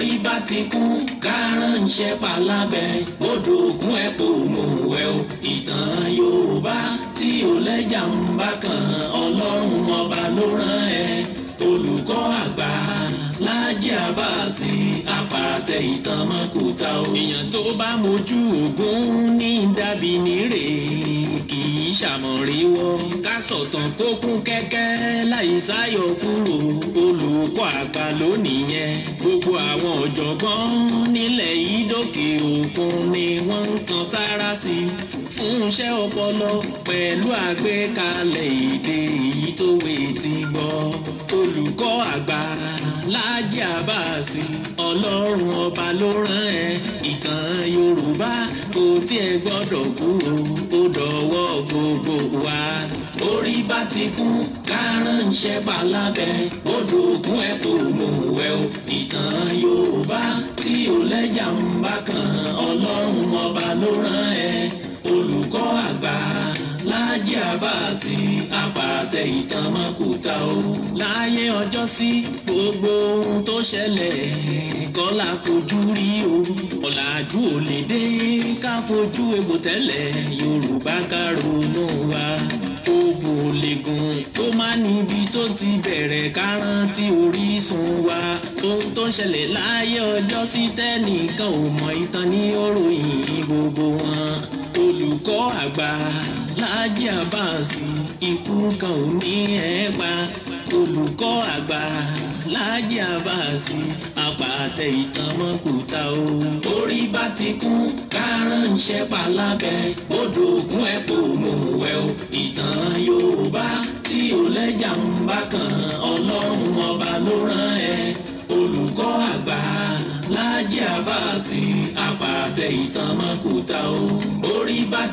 torí bá ti kú kárànṣẹ́ palábẹ́ bódò ògùn ẹ̀ kò mú ẹ o ìtàn Yorùbá tí ò lẹ́jà ń bá kan Ọlọ́run ọba ló rán ẹ olùkọ́ àgbà Láàjì Àbáàsì àtẹ̀yìn tán mọ́ kò ta o. èèyàn tó bá mojú ògún ní dàbí nírè kì í ṣàmọ̀rí wọ́. ká sọ̀tàn fókún kẹ́kẹ́ láì sáyọ kúrò olùkọ́ àgbà lónìí yẹn. gbogbo àwọn ọ̀jọ̀gbọ́n nílẹ̀ yìí òkun ni wọ́n ń kan sára sí i fún iṣẹ́ ọpọlọ pẹ̀lú àgbékalẹ̀ èdè èyí tó wé ti gbọ́ olùkọ́ àgbà Láàjì Àbáàsì ọlọ́run ọba ló rán ẹ ìtàn Yorùbá kò tiẹ̀ gbọ́dọ̀ kúrò ó dọ̀wọ́ gbogbo wa orí bá ti kú kárán ń ṣẹ́pà lábẹ́ odò ògùn ẹ̀ tó mú wẹ́ o ìtàn Yorùbá tí ò lẹ́jà ń bá kan ọlọ́run ọba ló rán ẹ olùkọ́ àgbà Láàjì Àbáàsì àpàtẹ ìtàn mọ́kúta o. láyé ọjọ́ sí gbogbo ohun tó ṣẹlẹ̀ kọ́lá fojú rí o. ọ̀làjú ò lè dé ká fojú egbò tẹ́lẹ̀ Yorùbá ká ronú wa bò lè tó máa níbi tó ti bẹ̀rẹ̀ ká rántí orísun wa ohun tó ń ṣẹlẹ̀ láyé ọjọ́ sí tẹ́nìkan ò mọ ìtàn ní òròyìn gbogbo wọn olùkọ́ àgbà Láàjì Àbáàsì ikú kan ò ní ẹ pa olùkọ́ àgbà Láàjì Àbáàsì apàtẹ ìtàn mọ́kúta o. orí bá ti kú kárànṣẹ́ palábẹ́ odò òkun ẹ̀ pò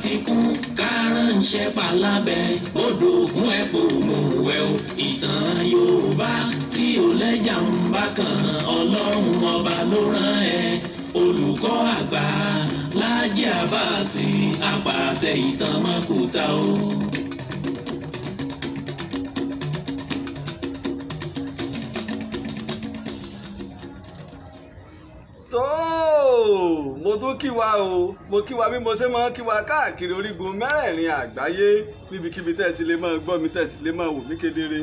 ti kú kárànṣẹ́ palábẹ́ odò ògùn ẹ̀pọ̀ òmùwẹ̀ o ìtàn Yorùbá tí ò lẹ́jà ń bá kan Ọlọ́run ọba ló rán ẹ olùkọ́ àgbà Láàjì Àbáàsì àpàtẹ ìtàn mọ́kúta o. kí wa o mo kí wa bí mo ṣe máa ń kí wa káàkiri orígun mẹ́rẹ̀ẹ̀rin àgbáyé níbikíbi tẹ́ ẹ ti lè máa gbọ́ mi tẹ́ ẹ ti lè máa wò mí kedere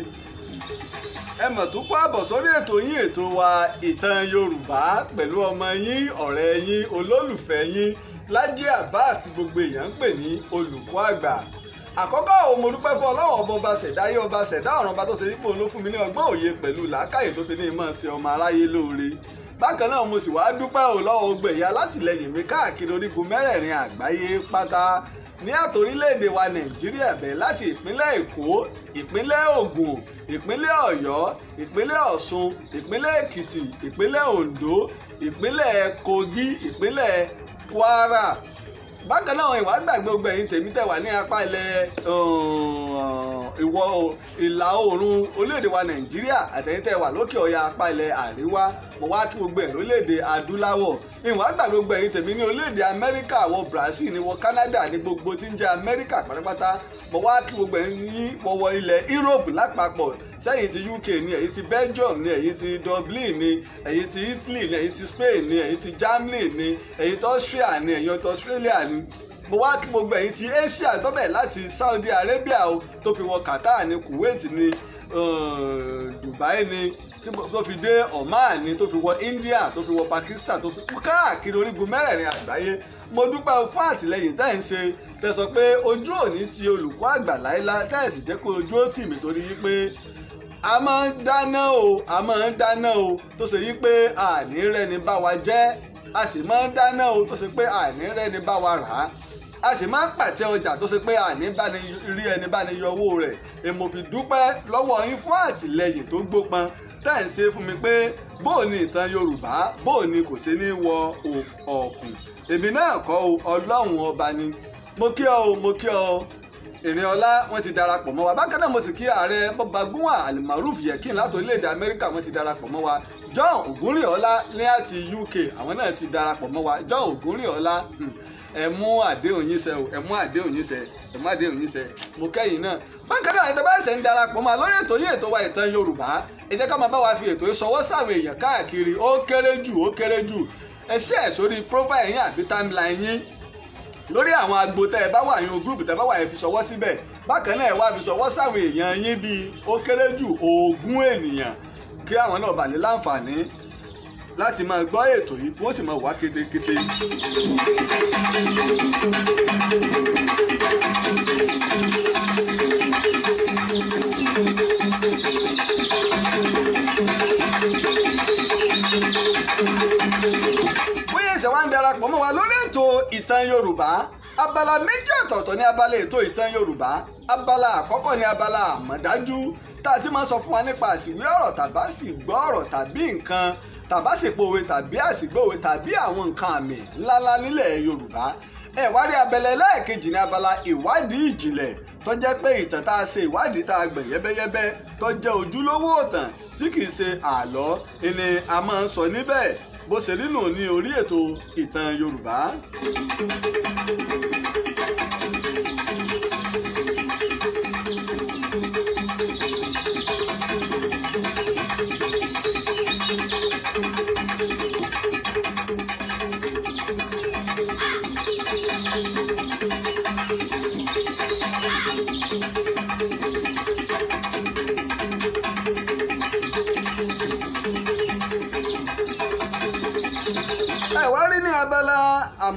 ẹ mọ̀ tó kó àbọ̀ sórí ètò yín ètò wa ìtàn Yorùbá pẹ̀lú ọmọ yín ọ̀rẹ́ yín olólùfẹ́ yín Lájí Abbas gbogbo èèyàn ń pè ní olùkọ́ àgbà àkọ́kọ́ ò mo dúpẹ́ fún ọlọ́wọ́ ọba ọba ọba ṣẹ̀dá ọ̀run ọba tó ṣe yípo ló fún mi ní ọgbọ́n òye pẹ̀lú làákàyè tó fi ní ìmọ̀ ṣe ọmọ aráyé lóore bákan náà mo sì wá dúpẹ́ ò lọ́wọ́ gbogbo ẹ̀yà látìlẹ́yìn mi káàkiri orígun mẹ́rẹ̀ẹ̀rin àgbáyé pátá ní àtòrílẹ̀-èdè wa nàìjíríà bẹ̀ láti ìpínlẹ̀ èkó ìpínlẹ̀ ògùn ìpínlẹ̀ ọ̀yọ́ ìpínlẹ̀ ọ̀ṣun ìpínlẹ̀ èkìtì ìpínlẹ̀ oǹdó ìpínlẹ̀ kogi ìpínlẹ̀ kwara bákan náà ìwà gbàgbé gbogbo ẹ̀yin tèmi tẹ̀ wà ní apá ilẹ̀ uh, ìwọ̀ ìlà oòrùn orílẹ̀-èdè wa nàìjíríà àtẹ̀yin tẹ̀ wà lókè ọ̀yà apá ilẹ̀ àríwá mo wá kí gbogbo èdè adúláwọ̀ ìwà gbàgbé gbogbo ẹ̀yin tèmi ní orílẹ̀-èdè amẹ́ríkà wọ brazil ni wọ canada ní gbogbo tí ń amẹ́ríkà pátápátá mo wá kí gbogbo ẹ̀ ní wọ́wọ́ ilẹ̀ Europe lápapọ̀ sẹ́yìn ti UK ni èyí ti Belgium ni èyí ti Dublin ni èyí ti Italy ni èyí ti Spain ni èyí ti Germany ni èyí ti Austria ni èyí ti Australia ni mo wá kí gbogbo ẹ̀yin ti Asia tó bẹ̀ láti Saudi Arabia o tó fi wọ Qatar ní Kuwait ní eh, Dubai ni tó fi dé Oman tó fi wọ India tó fi wọ Pakistan tó fi kú káàkiri orígun mẹ́rẹ̀ẹ̀rin àgbáyé mo dúpẹ́ fún àtìlẹ́yìn tẹ́ ń ṣe tẹ́ sọ pé ojú òní ti olùkọ́ àgbà láéláé tẹ́ sì jẹ́ kó ojú ó tì mí torí pé a máa ń dáná o a máa ń dáná o tó ṣe yín pé àní rẹni bá wa jẹ a sì máa ń dáná o tó ṣe pé àní rẹni bá wa rà á a sì máa ń pàtẹ ọjà tó ṣe pé àní rí ẹni bá ní yọ owó rẹ̀ èmo fi dúpẹ́ yín fún àtìlẹ́yìn tó gbópọn tẹ́ fún mi pé bóò ni ìtàn Yorùbá bóò ni kò ṣe ní wọ ọ̀kùn èmi náà kọ́ o Ọlọ́run ọba ni mo kí ọ o mo kí ọ o ìrìn ọlá wọn ti darapọ̀ mọ́ wa bákan náà mo sì kí ààrẹ Babagúnwà Almaroof Yekin láti orílẹ̀-èdè Amẹ́ríkà wọn ti darapọ̀ mọ́ wa John Ògúnrìọ́lá ní àti UK àwọn náà ti darapọ̀ mọ́ wa John Ògúnrìọ́lá. Hmm ẹ mú àdéhùn yín ṣẹ o ẹ mú àdéhùn yín ṣẹ ẹ mú àdéhùn yín ṣẹ mo kẹ́yìn náà bákan náà ẹ̀tẹ́ bá ẹ̀sẹ̀ ń darapọ̀ máa lórí ètò yìí ètò wa ìtàn Yorùbá ẹ ká máa bá wa fi ètò ìṣọwọ́ sáwọn èèyàn káàkiri ó kéré jù ó kéré jù ẹ sórí profile yín àti timeline yín lórí àwọn agbo tẹ́ ẹ bá wà yín o group tẹ́ ẹ bá wà yín fi ṣọwọ́ síbẹ̀ bákan náà ẹ wá fi ṣọwọ́ sáwọn èèyàn yín bíi ó kéré jù ogún ènìyàn kí àwọn náà bàlẹ́ láǹfààní láti máa gbọ́ ètò yìí wọ́n sì máa wá kétékété. bóyá ẹsẹ̀ wá ń darapọ̀ mọ́ wa lórí ètò ìtàn Yorùbá abala méjì ọ̀tọ̀ọ̀tọ̀ ní abala ètò ìtàn Yorùbá abala àkọ́kọ́ ní abala àmọ̀dájú tá a ti máa sọ fún wa nípa àsìwé ọ̀rọ̀ tàbá sì gbọ́ ọ̀rọ̀ tàbí nǹkan tàbásìpò òwe tàbí àsìgbò òwe tàbí àwọn nǹkan àmì ńláńlá nílẹ̀ yorùbá ẹ̀wárí abẹ́lé lẹ́ẹ̀kejì ní abala ìwádìí ìjìnlẹ̀ tó jẹ́ pé ìtàn tá a ṣe ìwádìí tá a gbẹ̀ yẹ́bẹ́yẹ́bẹ́ tó jẹ́ ojúlówó ìtàn tí kì í ṣe àlọ́ ni a máa ń sọ níbẹ̀ bó ṣe rí nù ní orí ètò ìtàn yorùbá.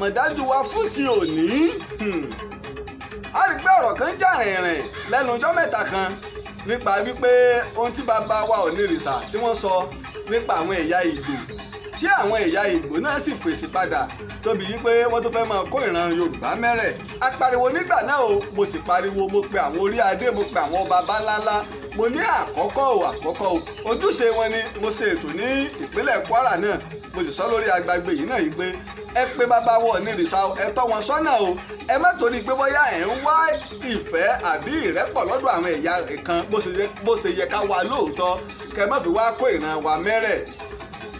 àmọ̀dájú wa fún ti òní hmm. a rí pé ọ̀rọ̀ kan jà rìnrìn lẹ́nu ọjọ́ mẹ́ta kan nípa wípé ohun tí bàbá wa onírìṣà tí wọ́n sọ nípa àwọn ẹ̀yà Ìgbò tí àwọn ẹ̀yà Ìgbò náà sì fèsì padà tóbi wípé wọ́n tó fẹ́ máa kó ìran Yorùbá mẹ́rẹ̀ apariwo nígbà náà o mo sì pariwo mo pe àwọn orí adé mo pe àwọn baba ńláńlá mo ní àkọ́kọ́ o àkọ́kọ́ o ojúṣe wọn ni mo ṣe ètò ní ìpínlẹ̀ Kwara náà mo sì sọ lórí agbágbé yìí náà yìí pé ẹ pé bàbá wọn ní ìrìsà ẹ tọ́ wọn sọ́nà o ẹ má torí pé bóyá ẹ̀ ń wá ìfẹ́ àbí ìrẹ́pọ̀ lọ́dọ̀ àwọn ẹ̀yà kan bó ṣe yẹ ká wà lóòótọ́ kẹ má fi wá kó ìran wa mẹ́rẹ̀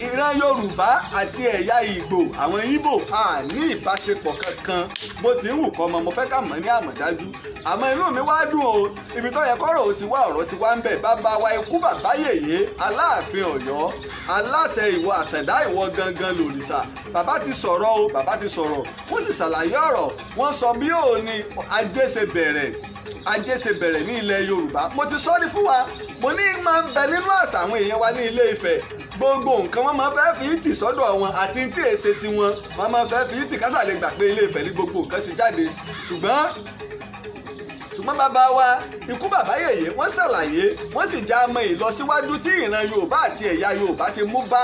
ìran yorùbá àti ẹ̀yà ìgbò àwọn ìgbò a ìbáṣepọ̀ kankan bó ti ń wù kọ́ ọmọ mo fẹ́ ká mọ̀ ní àmọ̀dájú àmọ́ inú mi wá dùn o ibi tó yẹ kọ́rọ̀ ò ti wá ọ̀rọ̀ ti wá ń bẹ̀ bàbá wa ikú bàbá yèyé aláàfin ọ̀yọ́ aláṣẹ ìwọ àtẹ̀dá ìwọ gangan lòrìṣà bàbá ti sọ̀rọ̀ o bàbá ti sọ̀rọ̀ wọ́n sì ṣàlàyé ọ̀rọ̀ wọ́n sọ bí òun ni ajé ṣe bẹ̀rẹ̀ ajé ṣe bẹ̀rẹ̀ ní ilẹ̀ yorùbá mo ti sọ ní fún wa mo ní máa ń bẹ nínú àṣà àwọn èèyàn wa ní ilé Ifẹ̀ gbogbo nǹkan wọn máa fẹ́ fi ìtì sọ́dọ̀ wọn àti tí èsè tiwọn wọn máa fẹ́ fi ìtì kásà lè gbà pé ilé Ifẹ̀ ní gbogbo nǹkan ti jáde ṣùgbọ́n mọ́ bàbá wa ikú bàbá yèyé wọ́n ṣàlàyé wọ́n sì já mọ ìlọsíwájú tí ìran yorùbá àti ẹ̀yà yorùbá ti mú bá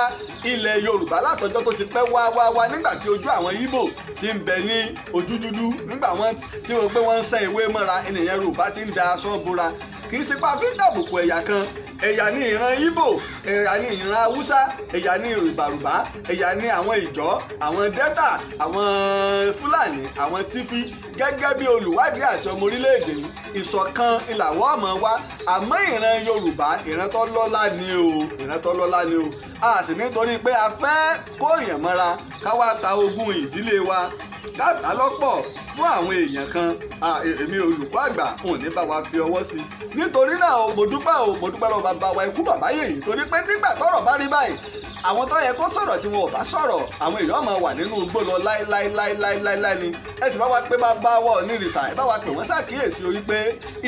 ilẹ̀ yorùbá látọjọ́ tó ti pẹ́ wá wá wá nígbà tí ojú àwọn ìgbò ti ń bẹ ní ojú dúdú nígbà wọn tí wọ́n pé wọ́n ń sẹ́ ìwé mọ́ra ènìyàn yorùbá ti ń da aṣọ bora kì í ṣe pa fi ń dàbùkù ẹ̀yà kan ẹ̀yà ni ìran Ìgbò ẹ̀yà ni ìran Haúsá ẹ̀yà ni rùbàrùbá ẹ̀yà ni àwọn ìjọ àwọn dẹ́tà àwọn Fúlàní àwọn tífí gẹ́gẹ́ bí olùwádìí àti ọmọ orílẹ̀-èdè yìí ìṣọ̀kan ìlàwọ́ ọmọ wa àmọ́ ìran Yorùbá ìran tó lọ́lá ni o ìran tó lọ́lá ni o a sì nítorí pé a fẹ́ kó èèyàn mọ́ra ta ogún ìdílé wa ká lọ́pọ̀ fún àwọn èèyàn kan e, èmi olùkọ́ àgbà òun ní bá wa fi ọwọ́ sí i nítorí náà mo dúpẹ́ lọ́wọ́ bàbá wa ikú bàbá yèyí torí pé nígbà tọ́rọ̀ bá rí báyìí àwọn tó yẹ kó sọ̀rọ̀ tí wọn ò bá sọ̀rọ̀ àwọn èèyàn máa wà nínú igbó lọ láíláíláíláíláí ni ẹ sì bá wa pé bàbá wa ò ní rìsà ẹ bá wa pè wọ́n ṣàkíyèsí orí pé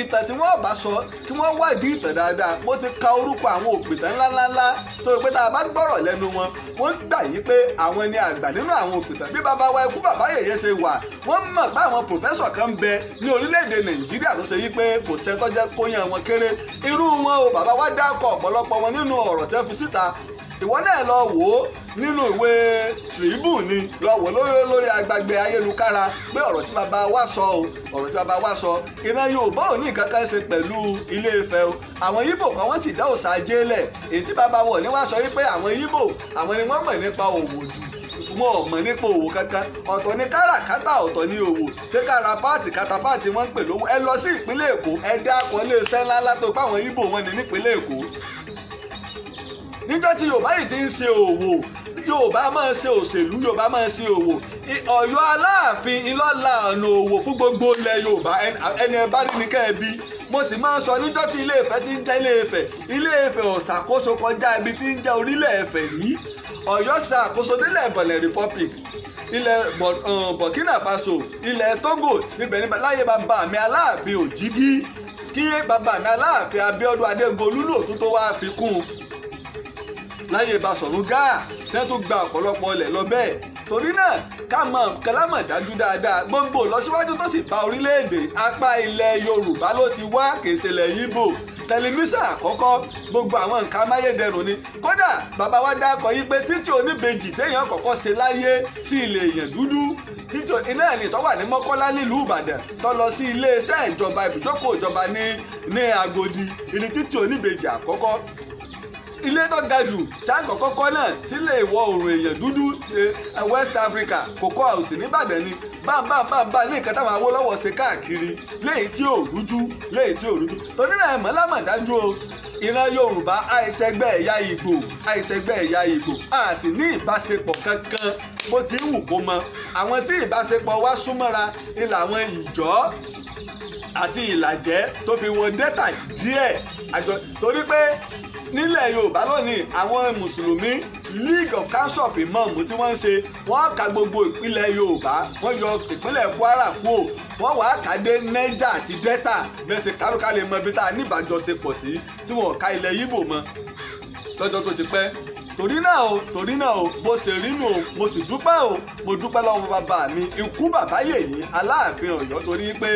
ìtàn tí wọ́n bá sọ kí wọ́n wádìí ìtàn dáadáa mo ti ka orúkọ àwọn òpìtàn ńláńláńlá tó yẹ pé tá a bá gbọ́rọ̀ lẹ́nu wọn wọ́n gbà yí pé àwọn ni àgbà nínú àwọn òpìtàn bí bàbá wa ikú bàbá yèyé ṣe wà wọ́n mọ̀ bàbá àwọn pòfẹ́sọ̀ kan bẹ ní orílẹ̀-èdè nàìjíríà tó ṣe yí pé kò sẹ́tọ́jẹ́ kóyàn wọn kéré irú wọn o bàbá wa dákọ̀ ọ̀pọ̀lọpọ̀ wọn nínú ọ̀rọ̀ tẹ́ fi síta ìwọ náà lọ wò ó nínú ìwé Tribune ni lọ wò lórí agbègbè ayélukára pé ọ̀rọ̀ tí bàbá wa sọ o ọ̀rọ̀ tí bàbá wa sọ ìran Yorùbá ò ní nǹkan kan ṣe pẹ̀lú Ilé Ifẹ̀ o àwọn Yíbò kan wọ́n sì dá òòṣà jélẹ̀ èyí tí bàbá wọn ò ní wá sọ wípé àwọn Yíbò àwọn ni wọ́n mọ̀ nípa òwò jù wọn ò mọ̀ nípa òwò kankan ọ̀tọ̀ ní káràkátà ọ̀tọ̀ ní òwò ṣé kára páàtì kátà páàtì ń pè lówó ẹ lọ sí ìpínlẹ̀ èkó ẹ dá akọ iléeṣẹ́ ńláńlá àwọn ibo wọn ní nípínlẹ̀ èkó níjọ́ tí yorùbá yìí ti ń ṣe òwò yorùbá máa ṣe òṣèlú yorùbá máa ṣe òwò ọ̀yọ́ aláàfin ìlọ́la ọ̀nà òwò fún gbogbo ilẹ̀ yorùbá ẹni ẹ bá rí ni kẹ́ẹ̀bí mo sì máa ń sọ níjọ́ tí ilé Ifẹ̀ ti ń jẹ́ ilé Ifẹ̀ ilé Ifẹ̀ ò ṣàkóso kọjá ibi tí ń jẹ́ orílẹ̀ Ifẹ̀ yìí ọ̀yọ́ ṣàkóso nílẹ̀ ìbọ̀lẹ̀ republic ilẹ̀ burkina faso ilẹ̀ togo níbẹ̀ níbẹ̀ láyé bàbá mi aláàfin òjìgí kí bàbá mi aláàfin abíọ́dún adégolú lòtún tó wáá fi kún un láyé ìbásọ̀rún gáà tẹ́ tó gba ọ̀pọ̀lọpọ̀ ilẹ̀ lọ bẹ́ẹ̀ torí náà ká mọ̀ kálámọ̀ dájú dáadáa gbogbo lọ́síwájú tó sì ta orílẹ̀-èdè apá ilẹ̀ Yorùbá ló ti wá kèsèlẹ̀ yíbò tẹlifíṣàn àkọ́kọ́ gbogbo àwọn nǹkan amáyédẹrùn ni kódà bàbá wa dákọ̀ yí pé títí oníbejì téèyàn kọ́kọ́ ṣe láyé sí ilé èèyàn dúdú títí iná ẹni tó wà ní Mọ́kọ́lá nílùú Ìbàdàn tó lọ sí iléeṣẹ́ ìjọba ibùjókòó ìjọba ní ní Agodi ìní títí oníbejì àkọ́kọ́ ilé tó ga jù táǹkọ̀ kọ́kọ́ náà sílẹ̀ ìwọ̀ oòrùn èèyàn dúdú e, e, West Africa Cocoa House nìbàdàn ni bámbámbámbá ní nǹkan táwọn Awólọ́wọ̀ ṣe káàkiri léyìí tí ò rújú léyìí tí ò rújú torí náà mọ́ lámọ̀dájú o ìran Yorùbá àìsẹgbẹ́ ẹ̀yà Ìgbò àìsẹgbẹ́ ẹ̀yà Ìgbò a sì ní ìbáṣepọ̀ kankan bó ti wù kó mọ àwọn tí ìbáṣepọ̀ wa súnmọ́ra ni làwọn ìjọ́ àti ìlàjẹ́ tó fi wọ dẹ́tà díẹ̀ àjọ torí pé nílẹ̀ yorùbá lónìí àwọn mùsùlùmí league of council of imam tí wọ́n ń ṣe wọ́n ka gbogbo ìpínlẹ̀ yorùbá wọ́n yọ ìpínlẹ̀ kwara kúò wọ́n wàá kà dé niger àti delta bẹ́sẹ̀ kárúkálẹ̀ mọ ibi tá a níbàjọ́ ṣe pọ̀ sí tí wọ́n ka ilẹ̀ yíbò mọ́ lọ́jọ́ tó ti pẹ́ torí náà o torí náà o bó ṣe rí o mo sì dúpẹ́ o mo dúpẹ́ lọ́wọ́ bàbá mi ikú bàbá yèyí aláàfin ọ̀yọ́ torí pé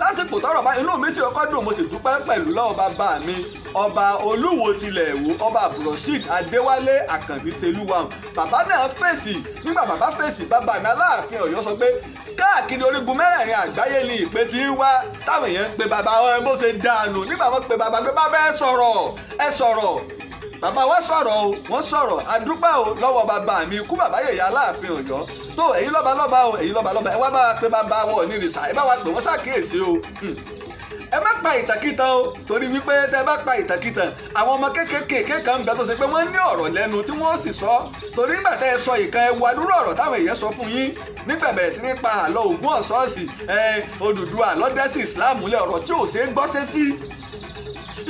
lásìkò tọrọ bá inú mi sì ọkọ dùn mo sì dúpẹ́ pẹ̀lú lọ́wọ́ bàbá mi ọba olúwo tilẹ̀ èwo ọba abdulrasheed adéwálé àkànbí tẹlúwa bàbá náà fèsì nígbà bàbá fèsì bàbá mi aláàfin ọ̀yọ́ sọ pé káàkiri orígun mẹ́rẹ̀ẹ̀rin àgbáyé ni ìpè ti ń wá táwọn èèyàn ń pe bàbá wọn bó ṣe dànù nígbà wọn pe bàbá pé bàbá ẹ sọ̀rọ̀ ẹ sọ̀rọ̀ bàbá wa sọ̀rọ̀ o wọ́n sọ̀rọ̀ àdúpẹ́ o lọ́wọ́ bàbá mi ikú bàbá yèyà aláàfin ọ̀yọ́ tó ẹ̀yin lọ́ba lọ́ba o ẹ̀yin lọ́ba lọ́ba ẹ wá bá wa pé bàbá wọn ò ní ìrìnsà ẹ bá wa pè wọ́n ṣàkíyèsí o hmm. ẹ má pa ìtàkìtàn o torí wípé tẹ bá pa ìtàkìtàn àwọn ọmọ kékèké kan ń bẹ tó ṣe pé wọ́n ní ọ̀rọ̀ lẹ́nu tí wọ́n sì sọ torí nígbà tẹ ẹ sọ ìkan ẹ wo àdúrà ọ̀rọ̀ táwọn èèyàn sọ fún yín nígbà bẹ̀rẹ̀ sí ní pa Ògún ọ̀sọ́ọ̀sì ẹ Odùduwà lọ́dẹ́sì Islam lẹ ọ̀rọ̀ tí ò ṣeé gbọ́ sétí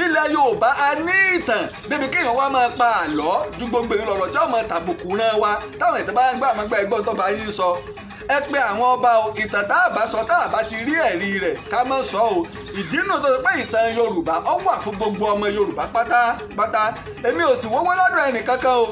nílẹ̀ Yorùbá a ní ìtàn bíbi kéèyàn wá máa pa àlọ́ ju gbogbo ìlú lọ̀rọ̀ tí ọmọ tàbùkù náà wá táwọn ìtàn bá ń gbà máa gbà ẹgbọ́n tó bá yín sọ ẹ pé àwọn ọba o ìtàn tá a bá sọ tá a bá ti rí ẹ̀rí rẹ̀ ká má sọ o ìdínú tó pé ìtàn Yorùbá ó wà fún gbogbo ọmọ Yorùbá pátápátá èmi ò sì wọ́wọ́ lọ́dọ̀ ẹnì o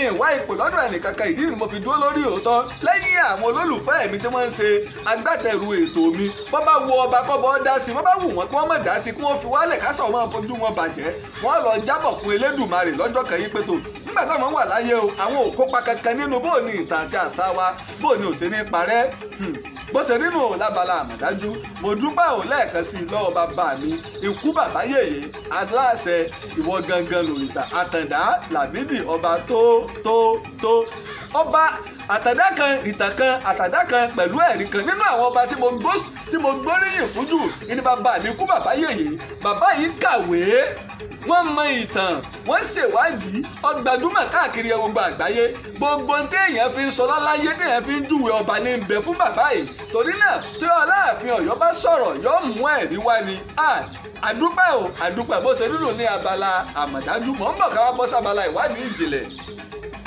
ìwà ipò lọ́dọ̀ ẹnìkankan ìdí ni mo fi dúró lórí òótọ́ lẹ́yìn àwọn olólùfẹ́ mi tí wọ́n ń ṣe agbátẹrù ètò mi wọ́n bá wo ọba kọ́bọ̀ dá sí wọ́n bá wù wọ́n kí wọ́n mọ̀ dá sí kí wọ́n fi wálẹ̀ kásọ̀ wọn fojú wọn bàjẹ́ wọ́n lọ jábọ̀ fún Elédùmarè lọ́jọ́ kan yí pé tó nígbà táwọn wà láyé o àwọn ò kópa kankan nínú bó ní ìtàn àti àṣà wa bó ní òṣè ní parẹ́ hmm. bó ṣe nínú òun lábala àmọ̀dájú mo dúpẹ́ òun lẹ́ẹ̀kan sí i lọ́wọ́ bàbá mi ikú bàbá yèyé aláṣẹ ìwọ gangan lòrìṣà àtàndá làbídì ọba tó tó tó ọba àtàdá kan ìtàn kan àtàdá kan pẹ̀lú ẹ̀rí kan nínú àwọn ọba tí mo gbó tí mo gbóríyìn fún jù ní bàbá mi kú bàbá yèyé bàbá yìí kàwé wọ́n mọ ìtàn wọ́n ṣèwádìí ọgbàdúmọ̀ káàkiri gbogbo àgbáyé gbogbo téèyàn fi ń sọlá láyé téèyàn fi ń júwe ọba ní bẹ fún bàbá yìí torí náà tí Aláàfin Ọ̀yọ́ bá sọ̀rọ̀ yóò mú ẹ̀rí wá ni àdúpẹ́ o àdúpẹ́ bó ṣe dúdú ní abala àmọ̀dájú mọ̀ ń bọ̀ ká wá bọ́ sábala ìwádìí ìjìnlẹ̀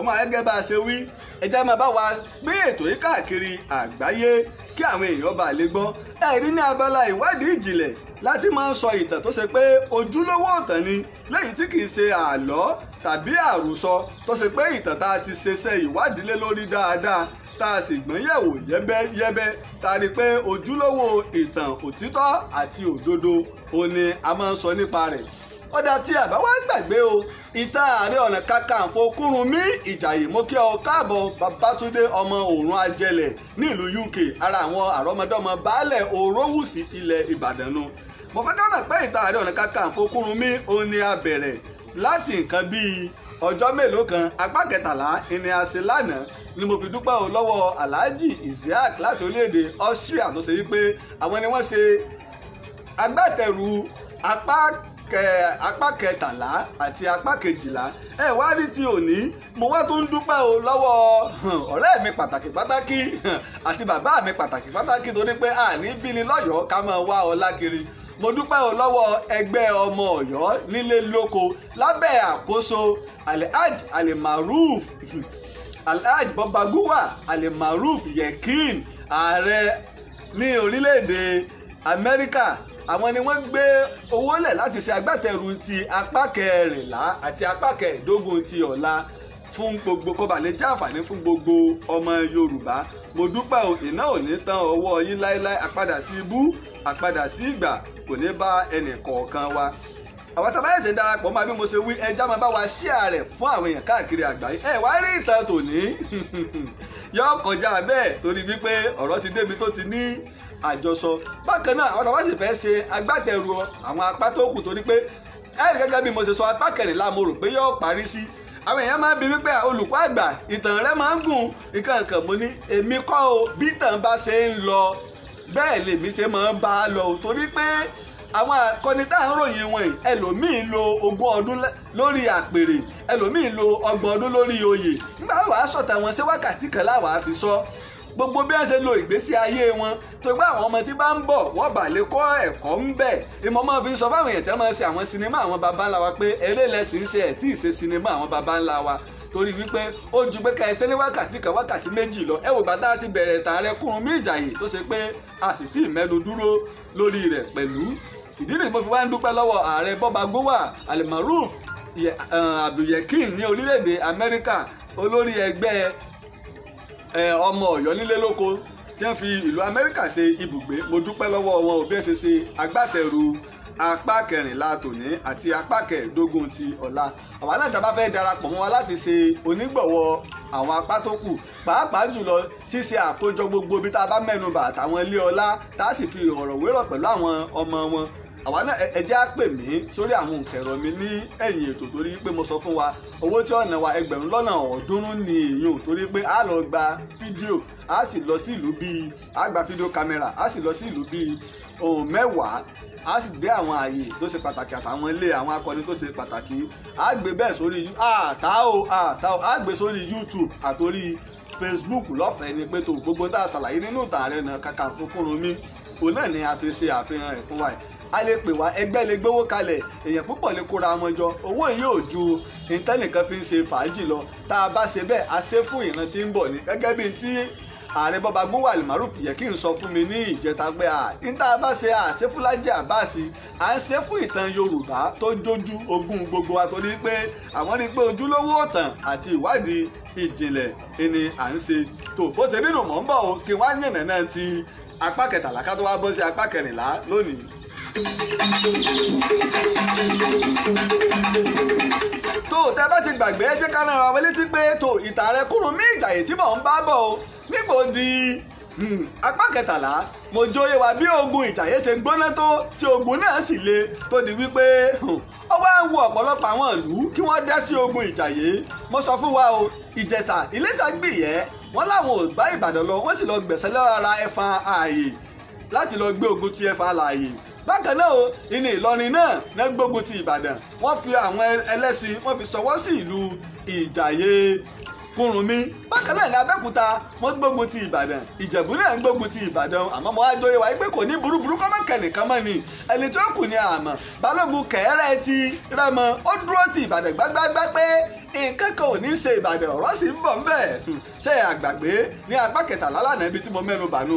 àkọ́mọ́ gẹ́gẹ́ bá a ṣe wí ẹjẹ́ máa bá wa gbé ètò yìí káàkiri àgbáyé kí àwọn èèyàn bá lè gbọ́ ẹ̀rí ní abala ìwádìí ìjìnlẹ̀ láti máa ń sọ ìtàn tó ṣe pé ojúlówó ọ̀tàn ni lẹ́yìn tí kìí ṣe àlọ́ tàbí àròsọ tó ṣe pé ìtàn tá a ti ṣe ṣe ìwádìí lé lórí dáadáa tá a sì gbọ́n yẹ̀wò yẹ́bẹ́yẹ́bẹ́ tá a rí i pé ojúlówó ìtàn òtítọ́ àti òdodo òun ni a máa ń sọ nípa rẹ̀ ọ̀dà tí àbá wá gbàgbé o ita Ààrẹ Ọ̀nà Kakanfò Kúrúnmí Ìjàyè mo kí ọ káàbọ̀ Babátúndé ọmọ Òòrùn Ajẹlẹ̀ nílùú UK ara àwọn àrọ́mọdọ́mọ baálẹ̀ Òróhùsì ilẹ̀ Ìbàdàn nu mo fẹ́ ká mọ̀ pé ìta Ààrẹ Ọ̀nà Kakanfò Kúrúnmí òun ni a bẹ̀rẹ̀ láti nǹkan bíi ọjọ́ mélòó kan apá kẹtàlá ìní àṣẹ lánàá ni mo fi dúpẹ́ o lọ́wọ́ Alhaji Isiaq láti orílẹ̀-èdè Austria tó ṣe wípé àwọn ni wọ́n ṣe agbátẹrù apá apá kẹtàlá àti apá kejìlá ẹ wá rí ti òní mo wá tó ń dúpẹ́ o lọ́wọ́ ọ̀rẹ́ mi pàtàkì pátákì àti bàbá mi pàtàkì pátákì torí pé àní bíni lọ́yọ̀ọ́ ká máa wá ọ kiri mo dúpẹ́ o lọ́wọ́ ẹgbẹ́ ọmọ ọ̀yọ́ nílé lóko lábẹ́ àkóso alhaj almaruf alhaj bọ́bagúwà almaruf yekin ààrẹ ní orílẹ̀-èdè amẹ́ríkà àwọn ni wọ́n gbé owó lẹ̀ láti ṣe agbátẹrù ti apá kẹrìnlá àti apá kẹẹ̀ẹ́dógún ti ọ̀la fún gbogbo kó ba lè jẹ́ àǹfààní fún gbogbo ọmọ yorùbá mo dúpẹ́ o iná ò ní tán ọwọ́ yín láéláé àpadà sí ibú àpadà sí ìgbà kò ní bá ẹnì kọ̀ọ̀kan wa àwọn tá a bá yẹ̀sẹ̀ darapọ̀ máa bí mo ṣe wí ẹja máa bá wa ṣíà rẹ̀ fún àwọn èèyàn káàkiri àgbáyé ẹ wá rí ìtàn tòní yọ kọjá bẹ́ẹ̀ torí wípé ọ̀rọ̀ ti débi tó ti ní àjọsọ bákan náà àwọn tàbá sì fẹ́ ṣe agbátẹrù àwọn apá tó kù torí pé ẹ̀rì gẹ́gẹ́ bí mo ṣe sọ apá kẹrìnlá mo rò pé yóò parí sí àwọn èèyàn máa ń bi wípé olùkọ́ àgbà ìtàn rẹ máa ń gùn nǹkan kan mo ní èmi kọ́ o bí ìtàn bá ṣe ń lọ bẹ́ẹ̀ lèmi ṣe máa ń bá a lọ torí pé àwọn akọni tá à ń ròyìn wọn yìí ẹlòmíín lo ogún ọdún lórí àpèrè ẹlòmíín lo ọgbọ̀n ọdún lórí oyè nígbà wàá sọ̀tà wọn ṣé wákàtí kan láwàá fi sọ gbogbo bí wọ́n ṣe lo ìgbésí ayé wọn tó gbé àwọn ọmọ tí bá ń bọ̀ wọ́n bà lè kọ́ ẹ̀kọ́ ń bẹ̀ ìmọ̀ máa fi sọ fáwọn èèyàn tí wọ́n máa ṣe àwọn sinimá àwọn baba ńlá wa pé eré lẹ́sìn ń ṣe ẹ̀ tí ì ṣe sinimá àwọn baba ńlá wa torí wípé ó ju pé kẹsẹ́ ní wákàtí kan wákàtí méjì lọ ẹ wò bá dáa ti bẹ̀rẹ̀ tààrẹ Kúrúnmí Ìjàyè tó ṣe pé a sì tí ì mẹ́nu dúró lórí rẹ̀ pẹ̀lú ìdí nìyí mo fi wá ń dúpẹ́ lọ́wọ́ ààrẹ Bọ́ba Gówà Almaroof eh, Abdulyekin ní orílẹ̀-èdè Amẹ́ríkà olórí ẹgbẹ́ ọmọ ọ̀yọ́ nílé lóko tí wọ́n fi ìlú amẹ́ríkà ṣe ibùgbé mo dúpẹ́ lọ́wọ́ wọn ò bí ẹ ṣe ṣe agbátẹrù apá kẹrìnlá tòní àti apá kẹẹ̀ẹ́dógún ti ọ̀la àwọn alájàmbá fẹ́ darapọ̀ mọ́ wa láti ṣe onígbọ̀wọ́ àwọn apá tó kù pàápàá jùlọ ṣíṣe àkójọ gbogbo bí tá a bá mẹ́nubà àtàwọn ilé ọlá tá a sì fi ọ̀rọ̀ wérọ̀ pẹ̀lú àwọn ọmọ wọn àwa náà ẹjẹ́ á pè mí sórí àwọn òǹkẹ̀rọ̀ mi ní ẹ̀yìn ètò torí pé mo sọ fún wa owó tí ọ̀nà wa ẹgbẹ̀rún lọ́nà ọ̀ọ́dúnrún ni èèyàn torí pé a lọ gba fídíò a sì lọ sí ìlú bíi a gba fídíò kámẹ́rà a sì lọ sí ìlú bíi ohun mẹ́wàá a sì gbé àwọn ààyè tó ṣe pàtàkì àtàwọn ilé àwọn akọni tó ṣe pàtàkì a gbé bẹ́ẹ̀ sórí àtà o àtà o a gbé sórí YouTube àtòrí Facebook lọ́fẹ̀ẹ́ ni pé tó gbogbo tá a ṣàlàyé nínú ìtàn Ààrẹ Ọ̀nà Kakanfò Kúrunmí òun náà ni a fi ṣe àfihàn ẹ̀ fún wa a lè pè wá ẹgbẹ́ lè gbówó kalẹ̀ èèyàn púpọ̀ lè kóra wọn jọ owó yìí ò ju ìtẹ́nìkan fi ń ṣe fàájì lọ tá a bá ṣe bẹ́ẹ̀ a ṣe fún ìran tí ń bọ̀ ni gẹ́gẹ́ bíi tí ààrẹ bọba gbówó àlùmárùf yẹ kí n sọ fún mi ní ìjẹta pé à ń tá a bá ṣe àṣẹ fúlájì àbáàsì à ń ṣe fún ìtàn yorùbá tó jójú ogún gbogbo wa torí pé àwọn rí pé ojúlówó ọ̀tàn àti ìwádìí ìjìnlẹ̀ ni à ń ṣe tó bó ṣe nínú mọ̀ ń bọ̀ o kí wọ́n á yànnà náà ti apá kẹtàlá ká tó wá bọ́ sí apá kẹrìnlá lónìí tó tẹ bá ti gbàgbé ẹ jẹ́ ká rán àwọn létí pé ètò ìtààrẹ Kúrúnmí Ìjàyè tí mò ń bá bọ̀ o nígbò di hmm, apá kẹtàlá mo jóye wa bí ogun Ìjàyè ṣe ń gbóná tó tí ogun náà sì le tó di wípé hmm, ó wá ń wo ọ̀pọ̀lọpọ̀ àwọn ìlú kí wọ́n dá sí ogun Ìjàyè mo sọ fún wa o Ìjẹ̀ṣà Ìléṣà gbìyẹ wọ́n láwọn ò bá Ìbàdàn lọ wọ́n sì lọ gbẹ̀sẹ̀ lọ́ra ẹ̀fọn ààyè láti lọ gbé ogun ti ẹ̀fọn àlàyé bákan náà o ìní ìlọrin náà náà gbógun ti ìbàdàn wọ́n fi àwọn ẹlẹ́sìn wọ́n fi ṣọwọ́ sí ìlú ìjàyè kúrúnmí bákan náà ní abẹ́kúta wọ́n gbógun ti ìbàdàn ìjẹ̀bú náà ń gbógun ti ìbàdàn àmọ́ mo wá jọ ìwà pé kò ní burúburú kọ́mọ́ kẹnìkan mọ́ ni ẹni tó kù ni àmọ́ balógun kẹ̀ẹ́rẹ́ ti rẹ́mọ ó dúró ti ìbàdàn gbágbágbá pé nǹkan kan ò ní ṣe ìbàdàn ọ̀rọ̀ sì ń bọ̀ ń bẹ̀ ṣe àgbàgbé ní apá kẹtàlá lánàá ibi tí mo mẹ́nu bànú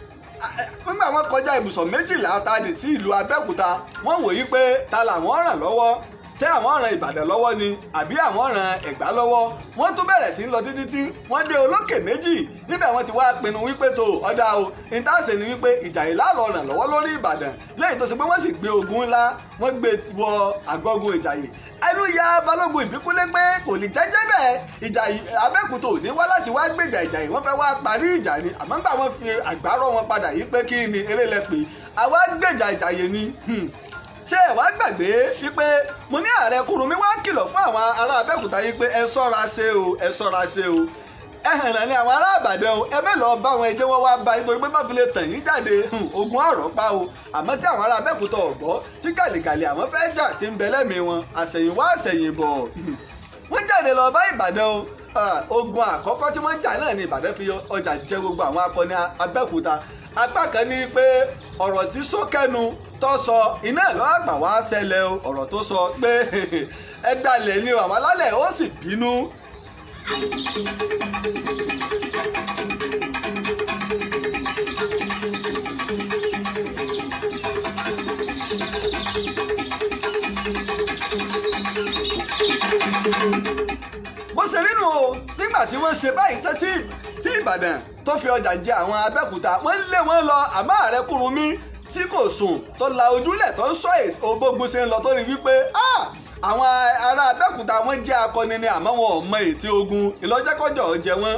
nígbà wọn kọjá ibùsọ̀ méjìlá ta dì sí ìlú abẹ́òkúta wọ́n wòye pé ta làwọn ràn lọ́wọ́ ṣé àwọn ran ìbàdàn lọ́wọ́ ni àbí àwọn ran ẹ̀gbá lọ́wọ́ wọ́n tún bẹ̀rẹ̀ sí í lọ títí tí wọ́n dé olókè méjì níbẹ̀ wọ́n ti wá pinnu wípé tó ọ̀dà o ìtàsẹ̀ ni wípé ìjàyè lálọ́ ràn lọ́wọ́ lórí ìbàdàn lẹ́yìn tó ṣe pé wọ́n sì gbé ogun ńlá wọ́n gbé wọ àgọ́gun ìjàyè àlùyà balógun ìbíkúlé pé kò ní jẹ́jẹ́ bẹ́ẹ̀ ìjà abẹ́kùtò ní wá láti wá gbèjà ìjà yìí wọ́n fẹ́ wá parí ìjà ni àmọ́ gbà wọ́n fi àgbárọ̀ wọn padà yìí pé kí ni eré lẹ pé àwa gbèjà ìjà yìí ni hmm. ṣé ẹ wá gbàgbé wípé mo ní ààrẹ Kúrunmí wá kìlọ̀ fún àwọn ará Abẹ́òkúta yìí pé ẹ ṣọ́ra ṣe o ẹ ṣọ́ra ṣe o ẹ̀hànà ni àwọn ará àbàdàn o ẹ mélòó bá wọn ẹjẹ́ wọ́n wá bá nítorí pé má fi lè tàn yín jáde hmm, ogun ọ̀rọ̀ pa o àmọ́ tí àwọn ará abẹ́kútọ̀ ọ̀gbọ́ tí gàlẹ́gàlẹ́ àwọn fẹ́ jà ti ń bẹ lẹ́mìí wọn àṣẹ̀yìnwá àṣẹ̀yìnbọ̀ hmm, wọ́n jáde lọ bá ìbàdàn o ogun àkọ́kọ́ tí wọ́n jà náà ni ìbàdàn fi ọjà jẹ gbogbo àwọn akọni abẹ́kúta apá kan ní pé ọ̀rọ̀ tí sókẹ́nu tó sọ iná ẹ̀ lọ́wọ́ àgbà wá ṣẹlẹ̀ ọ̀rọ̀ tó sọ pé ẹ dalẹ̀ ni àwọn alálẹ̀ ó sì bínú bó ṣe rí nù o nígbà tí wọ́n ṣe báyìí tán tí Ìbàdàn tó fi ọjà jẹ àwọn Abẹ́òkúta wọ́n lé wọn lọ àmọ́ Ààrẹ Kúrunmí tí kò sùn tó la ojúlẹ̀ tó ń sọ ètò ṣe ń lọ tó rí wípé ah àwọn ará abẹ́kúta wọ́n jẹ́ akọni ni àmọ́ wọn ò mọ ètí ogun ìlọ́jẹ́kọ́jọ́ jẹ wọ́n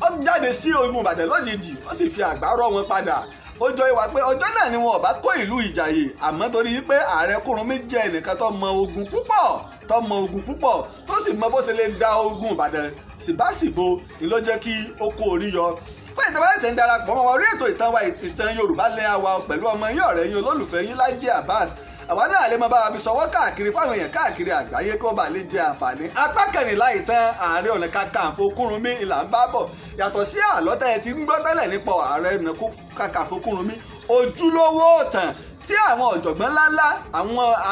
ó jáde sí ogun ìbàdàn lójijì ó sì fi àgbá rọ̀ wọn padà ó jọ ìwà pé ọjọ́ náà ni wọn ò bá kó ìlú ìjàyè àmọ́ torí pé ààrẹ Kúrúnmí jẹ́ ẹnìkan tó mọ ogun púpọ̀ tó mọ ogun púpọ̀ tó sì mọ bó ṣe lè da ogun ìbàdàn síbáṣìbo ló jẹ́ kí ó kó orí yọ fún ìtàn báyìí ṣe ń darapọ̀ mọ́ wọn rí ètò ìtàn wa ìtàn yorùbá lẹ́yà wa pẹ̀lú ọmọ yín ọ̀rẹ́ yín olólùfẹ́ yín Lájí Abbas àwa náà lè máa bá wa fi sọwọ́ káàkiri fáwọn èèyàn káàkiri àgbáyé kó bá lè jẹ àǹfààní apá kẹrìnlá ìtàn ààrẹ ọ̀nà kàkàǹfò Kúrúnmí ìlà ń bá bọ̀ yàtọ̀ sí àlọ́tẹ̀ ti ń gbọ́ tẹ́lẹ̀ nípa ààrẹ ọ̀nà kàkàǹfò Kúrúnmí ojúlówó ìtàn tí àwọn ọ̀jọ̀gbọ́n ńláńlá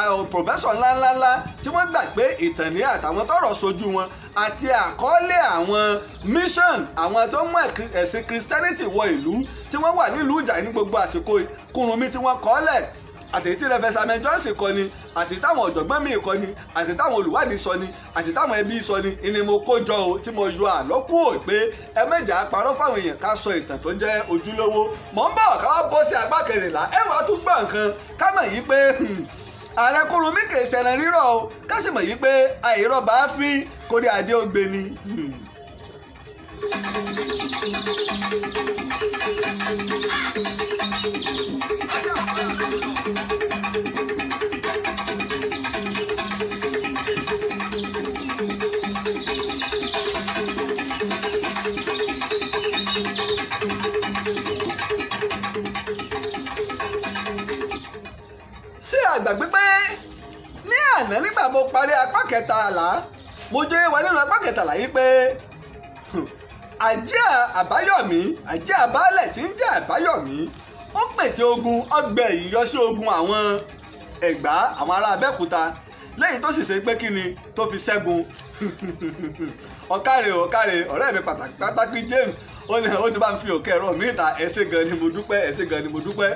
àwọn pòfẹ́sọ̀ ńláńláńlá tí wọ́n gbà pé ìtàní àtàwọn tọrọ sojú wọn àti àkọọ́lẹ̀ àwọn mission àwọn tó mú ẹ̀sìn Christianity wọ ìlú tí wọ́n wà nílùú ìjà ní gbogbo àsìkò Kúrúnmí tí wọ́n kọ́lẹ̀ àtẹ̀yí tí rẹfẹsà mẹ Johnson kọ ni àtẹ̀yí táwọn ọ̀jọ̀gbọ́n mi kọ ni àtẹ̀yí táwọn olùwádìí sọ ni àtẹ̀yí táwọn ẹbí sọ ni ìní mo kó jọ o tí mo yọ àlọ́ kúrò pé ẹ mẹ́jà parọ́ fáwọn èèyàn ká sọ ìtàn tó jẹ́ ojúlówó mọ̀ ń bọ̀ ká wá bọ́ sí agbá kẹrìnlá ẹ wàá tún gbọ́ nǹkan ká mọ̀ yìí pé hmm, ààrẹ Kúrúnmí kè sẹ̀rẹ̀ rírọ̀ o ká sì mọ̀ yìí pé àìrọ̀ bá fi kórè adé ó gbé ni. Hmm. àgbàgbé pé ní àná nígbà mo parí apá kẹtàlá mo jẹ́ wa nínú apá kẹtàlá yìí pé àjẹ́ àbáyọ̀mí àjẹ́ àbálẹ̀ tí ń jẹ́ àbáyọ̀mí ó pète ogun ọgbẹ́ ìyọsí ogun àwọn ẹ̀gbá àwọn ará abẹ́òkúta lẹ́yìn tó sì ṣe pé kí ni tó fi ṣẹ́gun ọ̀kàrẹ̀ ọ̀kàrẹ̀ ọ̀rẹ́ mi pàtàkì pàtàkì James ó ní ó ti bá ń fi òkè ẹ̀rọ mi ìta ẹ̀ṣẹ̀ gan ni mo dúpẹ́ ẹ̀ṣẹ̀ gan ni mo dúpẹ́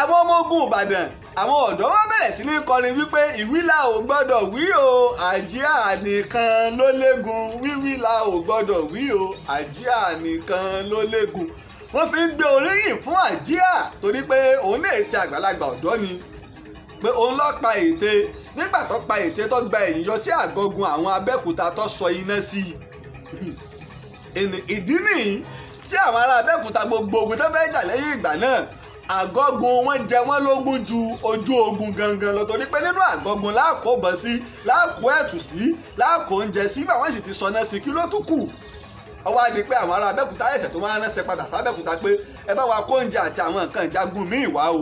àwọn ọmọ ogun ìbàdàn àwọn ọ̀dọ́ wọn bẹ̀rẹ̀ sí ní kọrin wípé ìwílà ò gbọ́dọ̀ wí o àjíà nìkan ló légun wíwílà ò gbọ́dọ̀ wí o àjíà nìkan ló légun wọ́n fi ń gbé oríyìn fún àjíà torí pé òun lè ṣe àgbàlagbà ọ̀dọ́ ni pé òun lọ́ọ́ pa ète nígbà tó pa ète tó gba ẹ̀yìn yọ sí àgọ́gun àwọn abẹ́òkúta tó sọ iná sí i ìdí nìyí tí àwọn ará abẹ́òkúta gbogbo ogun tó fẹ́ jà lẹ́yìn ìgbà náà àgọ́gun wọn jẹ wọ́n lógún ju ojú ogun gangan lọ torí pé nínú àgọ́gun láàkóbọ̀ sí láàkó ẹ̀tù sí láàkó oúnjẹ sí báwọn sì ti sọnà sí kí ló tún kù ọwọ́ á di pé àwọn ará abẹ́kúta ẹ̀sẹ̀ tó máa ń ránṣẹ́ padà sábẹ́kúta pé ẹ bá wa kó oúnjẹ àti àwọn nǹkan ìjagun míì wá o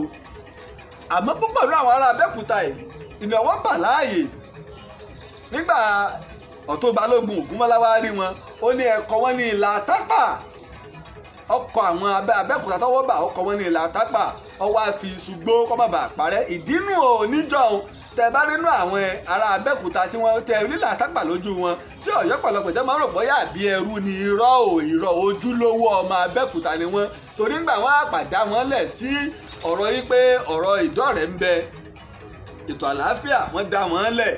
àmọ́ púpọ̀ ní àwọn ará abẹ́kúta yìí ìnáwó bà láàyè nígbà ọ̀tún balógun ògúnmọ́láwá rí wọn ó ní ẹ̀kọ́ wọn ní ìlà tápà ọkọ̀ àwọn abẹ́òkúta tọwọ́ bà ọkọ̀ wọn ní ìlà tápà ọwọ́ àfi ṣùgbó kọ́ má parẹ́ ìdínú oníjọ́ òun tẹ bá nínú àwọn ará abẹ́òkúta tí wọ́n tẹ nílà tápà lójú wọn tí ọ̀yọ́ pọ̀lọpọ̀ tẹ́ máa ń àbí ẹrú ni irọ́ ò irọ́ ojúlówó ọmọ abẹ́òkúta ni wọ́n torí ńgbà wọn àpàdá wọn lẹ̀ tí ọ̀rọ̀ yìí pé ọ̀rọ̀ ìdọ́rẹ̀ ń bẹ ètò àlàáfíà wọ́n dá wọn lẹ̀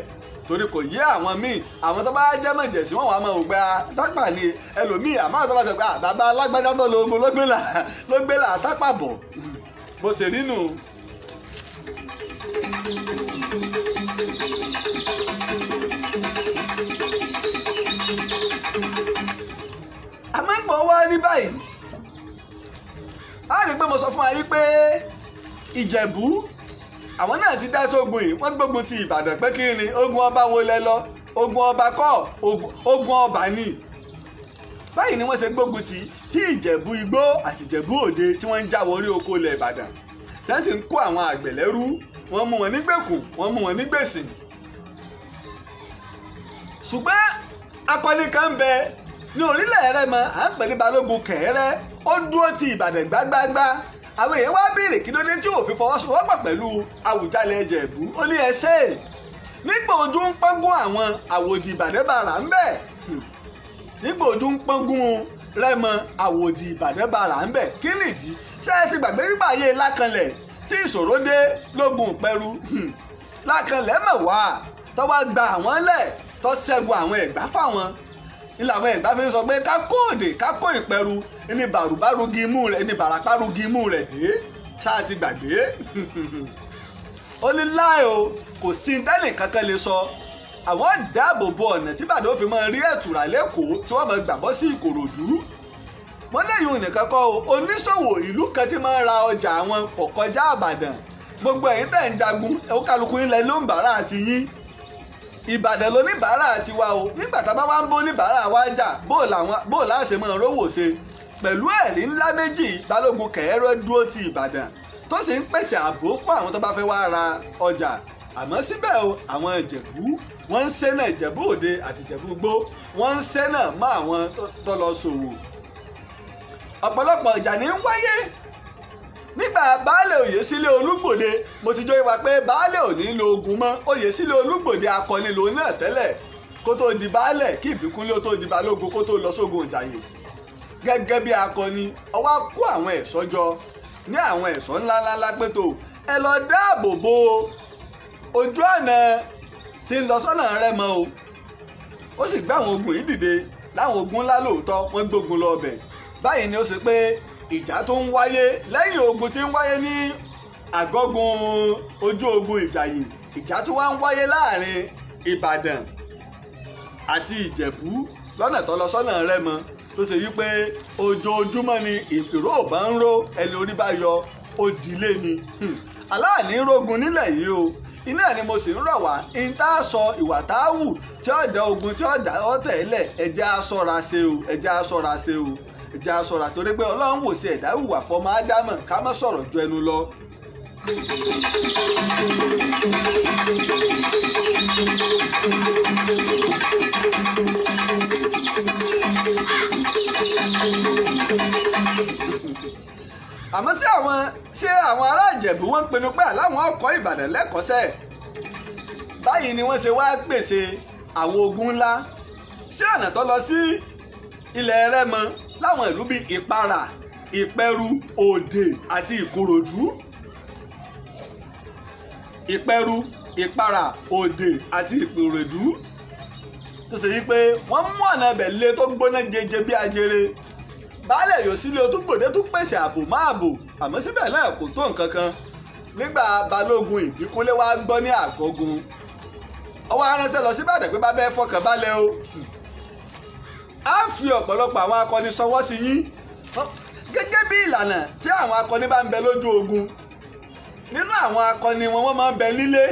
torí kò yé àwọn míì àwọn tó bá jẹ́ mọ̀jẹ̀sí wọn wà máa ògbà ah, tápà ni ẹlòmíì àmọ́ àtọ́ bá sọ pé ah, bàbá alágbádá tó lo ogun ló gbé là tápà bọ̀ bó ṣe rí nù. wá rí báyìí a rí i pé mo sọ fún wa pé Ìjẹ̀bú àwọn náà ti dá sógun yìí wọ́n gbógun ti ìbàdàn pé kí ni ogun ọba wo lẹ lọ ogun ọba kọ́ ogun ọba ni báyìí ni wọ́n ṣe gbógun ti tí ìjẹ̀bú igbó àti ìjẹ̀bú òde tí wọ́n ń já wọlé oko ilẹ̀ ìbàdàn tí wọ́n sì ń kó àwọn àgbẹ̀ lẹ́rú wọ́n mú wọn nígbèkùn wọ́n mú wọn nígbèsìn ṣùgbọ́n akọni kan bẹ ní orílẹ̀ rẹ̀ mọ́ à ń pè ní balógun kẹ̀ẹ́rẹ́ ó dúró ti ìbàdàn gbágbágbá àwọn èèyàn wá béèrè kí ló dé tí òfin fọwọ́sowọ́pọ̀ pẹ̀lú Àwùjalẹ̀ Ìjẹ̀bú ó ní ẹsẹ̀ nígbà ojú ń pọ́ngún àwọn àwòdì ìbàdẹ́bàrà ń bẹ̀ hmm. nígbà ojú ń pọ́ngún rẹ́mọ àwòdì ìbàdẹ́bàrà ń bẹ̀ kí nìdí ṣé ẹ ti gbàgbé nígbà ayé lákanlẹ̀ tí ìṣòro dé lógun ìpẹ́rù hmm. lákanlẹ̀ mọ̀ tọ́wọ́ gba àwọn lẹ̀ tọ́ ṣẹ́gun àwọn ẹ̀gbá fáwọn ni làwọn ẹ̀gbá fi ń sọ pé ká kó ká kó ìpẹ́rù ẹni bàrùbá rugi imú rẹ̀ ẹni bàràpá rugi imú rẹ̀ dé sáà ti gbàgbé ó ní láì o kò sí dẹ́nì kankan lè sọ àwọn dáàbò bo ọ̀nà tí bàdó fi máa rí ẹ̀tùrà lẹ́kọ̀ọ́ tí wọ́n máa gbàgbọ́ sí ìkòròdú wọ́n léyìn nìkan kọ́ o oníṣòwò ìlú kan ti máa ń ra ọjà àwọn kò kọjá àbàdàn gbogbo ẹ̀yin tẹ̀ ń jagun òkàlùkù ilẹ̀ ló ń bàárà àti yín ìbàdàn ló àti wa o nígbà tá a bá wá ń bó ní bàárà wa jà bóòlù àṣemọ̀ rówó ṣe pẹ̀lú ẹ̀rí ńlá méjì balógun kẹ̀ẹ́rọ dúró ti ìbàdàn tó sì ń pèsè ààbò fún àwọn tó bá fẹ́ wá ra ọjà àmọ́ síbẹ̀ o àwọn ìjẹ̀bú wọ́n ń sẹ́nà ìjẹ̀bú òde àti ìjẹ̀bú gbó wọ́n ń sẹ́nà mọ́ àwọn tó lọ ṣòwò ọ̀pọ̀lọpọ̀ ìjà ní ń wáyé nígbà baálé òye sílé olúgbòde mo ti jó ipa pé baálé ò ní lo ogun mọ́ òye sílé olúgbòde akọni lòun náà tẹ́lẹ̀ kó tó di baálẹ̀ kí ìbíkúnlé ó tó di balógun kó tó lọ sógun ìjàyè gẹ́gẹ́ bí akọni ó wá kó àwọn ẹ̀ṣọ́ jọ ní àwọn ẹ̀ṣọ́ ńláńlá pẹ̀tọ́ ẹ lọ dáàbò bo ojú ọ̀nà tí ń lọ sọ́nà Rẹ́mọ o ó sì gbé àwọn ogun yìí dìde láwọn ogun ńlá lóòótọ́ wọ́n gbógun lọ ọbẹ̀ báyìí ni ó ṣe pé ìjà tó ń wáyé lẹ́yìn ogun tí ń wáyé ní àgọ́gun ojú ogun Ìjàyè ìjà tó wá ń wáyé láàrin Ìbàdàn àti Ìjẹ̀bú lọ́nà tó lọ sọ́nà Rẹ́mọ tó ṣe wípé ojoojúmọ́ ni ìpìró ò bá ń ró ẹni orí bá yọ ó ni hmm. aláàní rogun nílẹ̀ yìí o iná ni mo sì ń rọ̀ wá n tá a sọ ìwà tá a wù tí ó ogun tí ó dá ọ̀tẹ̀ ilẹ̀ ẹ̀jẹ̀ á ṣọ́ra ṣe o ẹ̀jẹ̀ á ṣọ́ra ṣe o ẹ̀jẹ̀ á torí pé ọlọ́run wò sí ẹ̀dá ìwà fọmọ ádámọ̀ ká má sọ̀rọ̀ ju ẹnu lọ. àmọ́ sí àwọn sí àwọn ará ìjẹ̀bú wọ́n pinnu pé àláwọn ọkọ̀ ìbàdàn lẹ́kọ̀ọ́sẹ̀ báyìí ni wọ́n ṣe wá pèsè àwọn ogun ńlá sí ọ̀nà tó lọ sí ilẹ̀ rẹ́mọ láwọn ìlú bíi ìpara ìpẹ́rù òde àti ìkòròdú ìpẹ́rù ìpara òde àti ìkòròdú tó ṣe yí pé wọ́n mú ọ̀nà ibẹ̀ le tó gbóná jẹjẹ bí ajere baálẹ̀ yòsílẹ̀ otúgbòde tún pèsè ààbò má ààbò àmọ́ síbẹ̀ náà kò tó nǹkan kan nígbà balógun ìbíkúnlé wa ń gbọ́ ní àgọ́gun ọwọ́ aránṣẹ́ lọ sí Ìbàdàn pé bàbá fọkàn balẹ̀ o A fi ọ̀pọ̀lọpọ̀ àwọn akọni ṣọwọ́ sí yín gẹ́gẹ́ bí ìlànà tí àwọn akọni bá ń bẹ lójú ogun nínú àwọn akọni wọn wọ́n máa ń bẹ nílé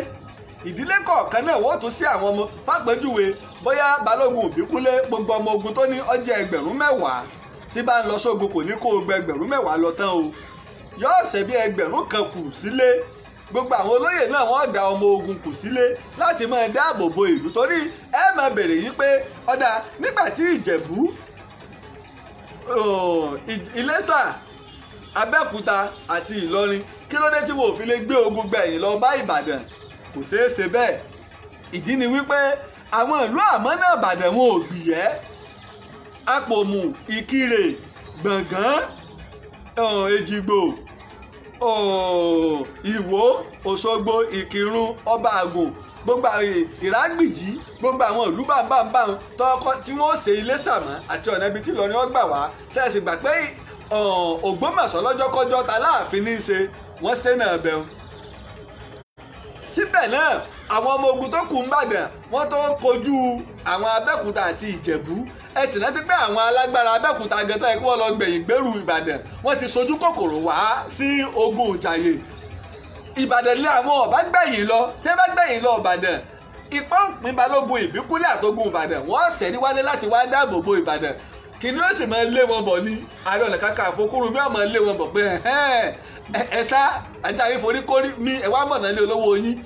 ìdílé kọ̀ọ̀kan náà wọ́n tún sí àwọn ọmọ fàpẹ́jùwe bóyá balógun ìbíkúnlé gbogbo ọmọ ogun tó ní ọjọ́ ẹgbẹ̀rún mẹ́wàá tí bá ń lọ sógun kò ní kó o gba ẹgbẹ̀rún mẹ́wàá lọ tán o yóò ṣẹ́ bí ẹgbẹ̀rún kan kù sílé gbogbo àwọn olóyè náà wọ́n dá ọmọ ogun kù sílé láti máa dáàbò bo ìlú torí ẹ máa bèrè yìí pé ọ̀dà nígbà tí ìjẹ̀bú ìlẹ́sà abẹ́òkúta àti ìlọrin kí ló dé tí wọn ò fi lè gbé ogun gbẹ̀yìn lọ bá ìbàdàn kò ṣeé ṣe bẹ́ẹ̀ ìdí ni wípé àwọn ìlú àmọ́ náà ìbàdàn wọn ò gbìyẹ́ àpòmù ìkirè gbọ̀ngàn èjìgbò ìwó òṣogbo ìkírun ọba àgò gbogbo àwọn ìrágbìjì gbogbo àwọn ìlú bàbàbà tọkọ tí wọn ó ṣe ilé sàmọ àti ọ̀nà ibi tí Ìlọrin ọgbà wá ṣẹ̀ṣì gbà pé Ògbómọ̀ṣọ́ lọ́jọ́kọ́jọ́ ta láàfin ní í ṣe wọ́n ṣe náà bẹ̀rù síbẹ̀ náà àwọn ọmọ ogun tó kù ń bàdàn wọ́n tó kojú àwọn abẹ́kúta àti ìjẹ̀bú ẹ sì rántí pé àwọn alágbára abẹ́kúta gẹ̀tọ́ ẹ̀ kí wọ́n lọ gbẹ̀yìn gbèrú ìbàdàn wọ́n ti sojú kòkòrò wá sí ogun ìjàyè ìbàdàn lé àwọn ọ̀bá gbẹ̀yìn lọ tẹ́ bá gbẹ̀yìn lọ ìbàdàn ipá òpin balógun ìbíkúlẹ̀ àtógun ìbàdàn wọ́n sẹ́ni wálé láti wá dáàbò bo ìbàdàn kìnìún yóò sì máa lé wọn bọ̀ ní Ààrẹ Ọ̀nà Kakanfò Kúrunmí á máa lé wọn bọ̀ pé ẹ sá ajá yín forí kórí mi ẹ wá mọ̀nà ilé olówó yín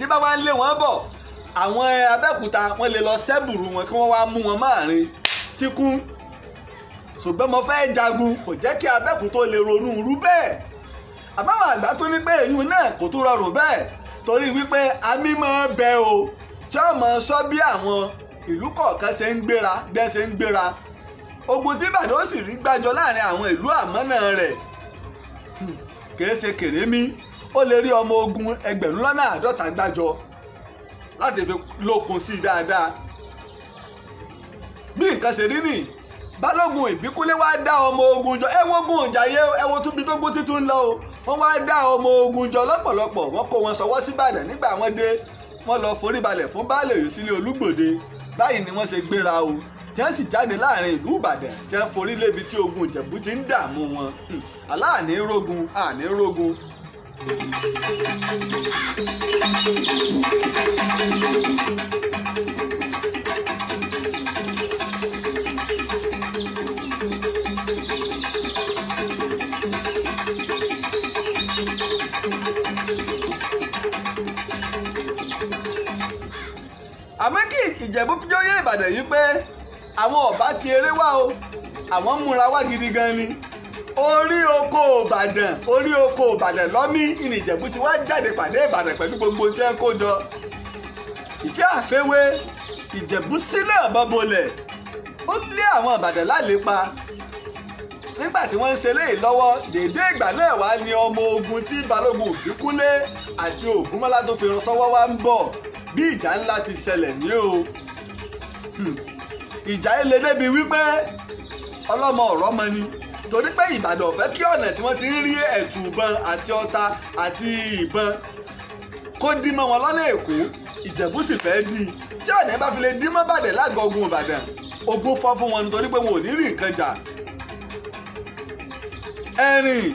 tí bá wá ń lé wọn bọ̀ àwọn abẹ́òkúta wọn lè lọ sẹ́bùrù wọn kí wọ́n wá mú wọn máàrin síkún ṣùgbọ́n mo fẹ́ jagun kò jẹ́ kí abẹ́òkúta lè ronú irú bẹ́ẹ̀ àbáwọn àgbà tó ní pé èyí náà kò tún rọrùn bẹ́ẹ̀ torí wípé amí máa bẹ o tí ó máa sọ bí àwọn ìlú kọ̀ọ̀kan ṣe ń gbéra dẹ́ ṣe ń gbéra ogun tí Ìbàdàn ó sì rí gbàjọ láàrin àwọn ìlú àmọ́nà rẹ̀ kìí ṣe kèrèmí ó lè rí ọmọ ogun ẹgbẹ̀rún lọ́nà àádọ́ta gbájọ láti fi lókun sí i dáadáa bí nǹkan ṣe rí nì balógun ìbíkúlé wá dá ọmọ ogun jọ ẹ wọ́n gùn jàyé ẹ wo tún bí tó gún títún lọ o wọ́n wá dá ọmọ ogun jọ lọ́pọ̀lọpọ̀ wọ́n kó wọn sọwọ́ síbàdàn nígbà wọ́n dé wọ́n lọ forí balẹ̀ fún baálé Òyèsílẹ̀ Olúgbòde báyìí ni wọ́n ṣe gbéra o tí wọ́n sì jáde láàrin ìlú Ìbàdàn tí wọ́n forí lébi tí ogun Ìjẹ̀bú ti ń dààmú wọn aláàní rógun àní rógun àmọ́ kí ìjẹ̀bú fíjọ́ yé ìbàdàn yìí pé àwọn ọ̀bá ti eré wá o àwọn múra wá gidi gan ni orí oko ìbàdàn orí oko ìbàdàn lọ́mí ìnìjẹ̀bú ti wá jáde pàdé ìbàdàn pẹ̀lú gbogbo tí ẹ ń kó jọ ìfẹ́ àfẹ́wé ìjẹ̀bú sílẹ̀ bọ́bọlẹ̀ ó lé àwọn ìbàdàn lálépa nígbà tí wọ́n ń ṣe léyìí lọ́wọ́ dèédé ìgbà náà wá ní ọmọ ogun tí balógun òbíkúnlé àti ògúnmọ́lá tó fi ràn sọ́wọ́ wá ń bọ̀ bí ìjà ńlá ti ṣẹlẹ̀ ní o hmm. ìjà ilé débi wípé ọlọ́mọ ọ̀rọ̀ mọ ni torí pé Ìbàdàn ò fẹ́ kí ọ̀nà tí wọ́n ti ń rí ẹ̀tùbọn àti ọta àti ìbọn kó dín mọ́ wọn lọ́nà Èkó Ìjẹ̀bú sì fẹ́ dí i tí ọ̀nà bá fi lè dín mọ́ bàdẹ̀ lágọ̀ọ́gùn Ìbàdàn ogun fọ́ fún wọn nítorí pé wọn ò ní rí nǹkan jà ẹ̀rìn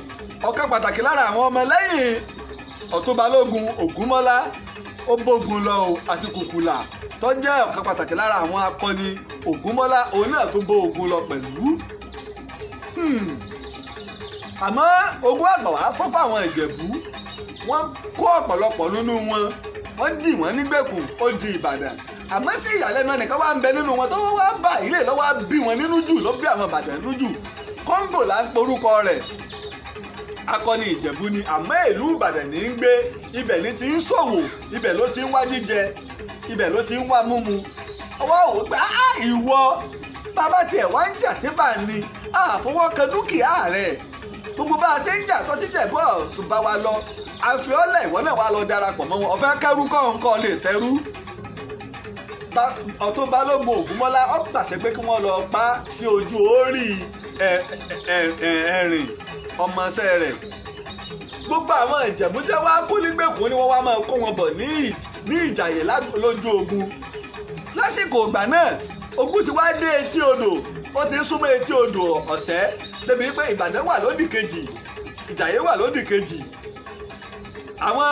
ọ̀kan pàtàkì lára àwọn ọmọ lẹ́yìn ọ̀túnbalógun ògúnmọ́lá ó bógun lọ àti kùkùlà tó jẹ́ ọ̀kan pàtàkì lára àwọn akọni ògúnmọ́lá òun náà tó bó ogun lọ pẹ̀lú Hmm. àmọ́ ogún àgbà wàá fọ́ ìjẹ̀bú wọ́n kó ọ̀pọ̀lọpọ̀ nínú wọn wọ́n dì wọ́n nígbèkùn ó di ìbàdàn àmọ́ sí ìyàlẹ́nu ẹnìkan wá ń bẹ nínú wọn tó wá bá ilé lọ́wọ́ bí wọn nínú jù ló bí àwọn ìbàdàn nínú jù kóńgò là ń porúkọ rẹ̀ akọni ìjẹ̀bú ni àmọ́ ìlú ìbàdàn ní í gbé ibẹ̀ ní ti ń ṣòwò ibẹ̀ ló ti ń wá jíjẹ ibẹ̀ ló ti ń wá múmu ọwọ́ òwò pé ìwọ bàbá tiẹ̀ wá ń jà síbà ni àfọwọ́kan dúkìá rẹ̀ gbogbo bá a ṣe ń jà tó ti jẹ̀bú ọ̀sùn bá wa lọ àfiọ́lẹ̀ ìwọ náà wà lọ darapọ̀ mọ́ wọn ọ̀fẹ́ kẹ́rú kọ̀ọ̀kan lè tẹ́rú ọ̀tún balógun ògúnmọ́lá ó pàṣẹ pé kí wọ́n lọ pa sí ojú orí ẹ̀rìn ọmọọṣẹ́ rẹ̀ gbogbo àwọn ìjẹ̀bú tí wọ́n á kú ni wọ́n wá máa kó wọn bọ̀ ní ìjàyè lójú ogun lásìkò ìgbà náà ogun ti wá dé etí odò ó ti súnmọ́ etí odò ọ̀sẹ́ débi pé ìbàdàn wà lódì kejì ìjàyè wà lódì kejì àwọn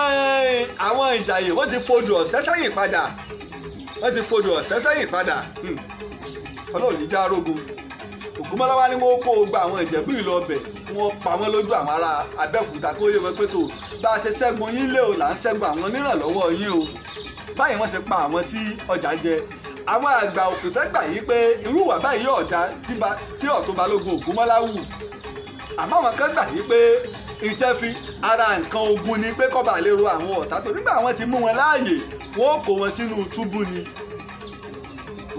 àwọn ìjàyè wọ́n ti fodò ọ̀sẹ́ sẹ́yìn padà wọ́n ti fodò ọ̀sẹ́ sẹ́yìn padà hmm. ọlọ́run ní járógun ògúnmọ́láwá ni wọ́n kó gba àwọn ìjẹ̀bú ìlú ọbẹ̀ wọ́n pa wọ́n lójú àwọn ará abẹ́òkúta kó yẹ wọ́n pé tó bá a ṣe ṣẹ́gun yín lé o là ń ṣẹ́gun àwọn onírànlọ́wọ́ yín o báyìí wọ́n ṣe pa àwọn tí ọjà jẹ àwọn àgbà òkùtẹ́ gbà yí pé irú ìwà báyìí ọ̀dà tí ọ̀tún balógun ògúnmọ́lá wù àmọ́ àwọn kan gbà yí pé ìjẹ́fín ara nǹkan ogun ni pé kọ́ba lè ro àwọn ọ̀tá tó nígbà wọn ti mú wọn láàyè wọn ò kó wọn sínú túbú ni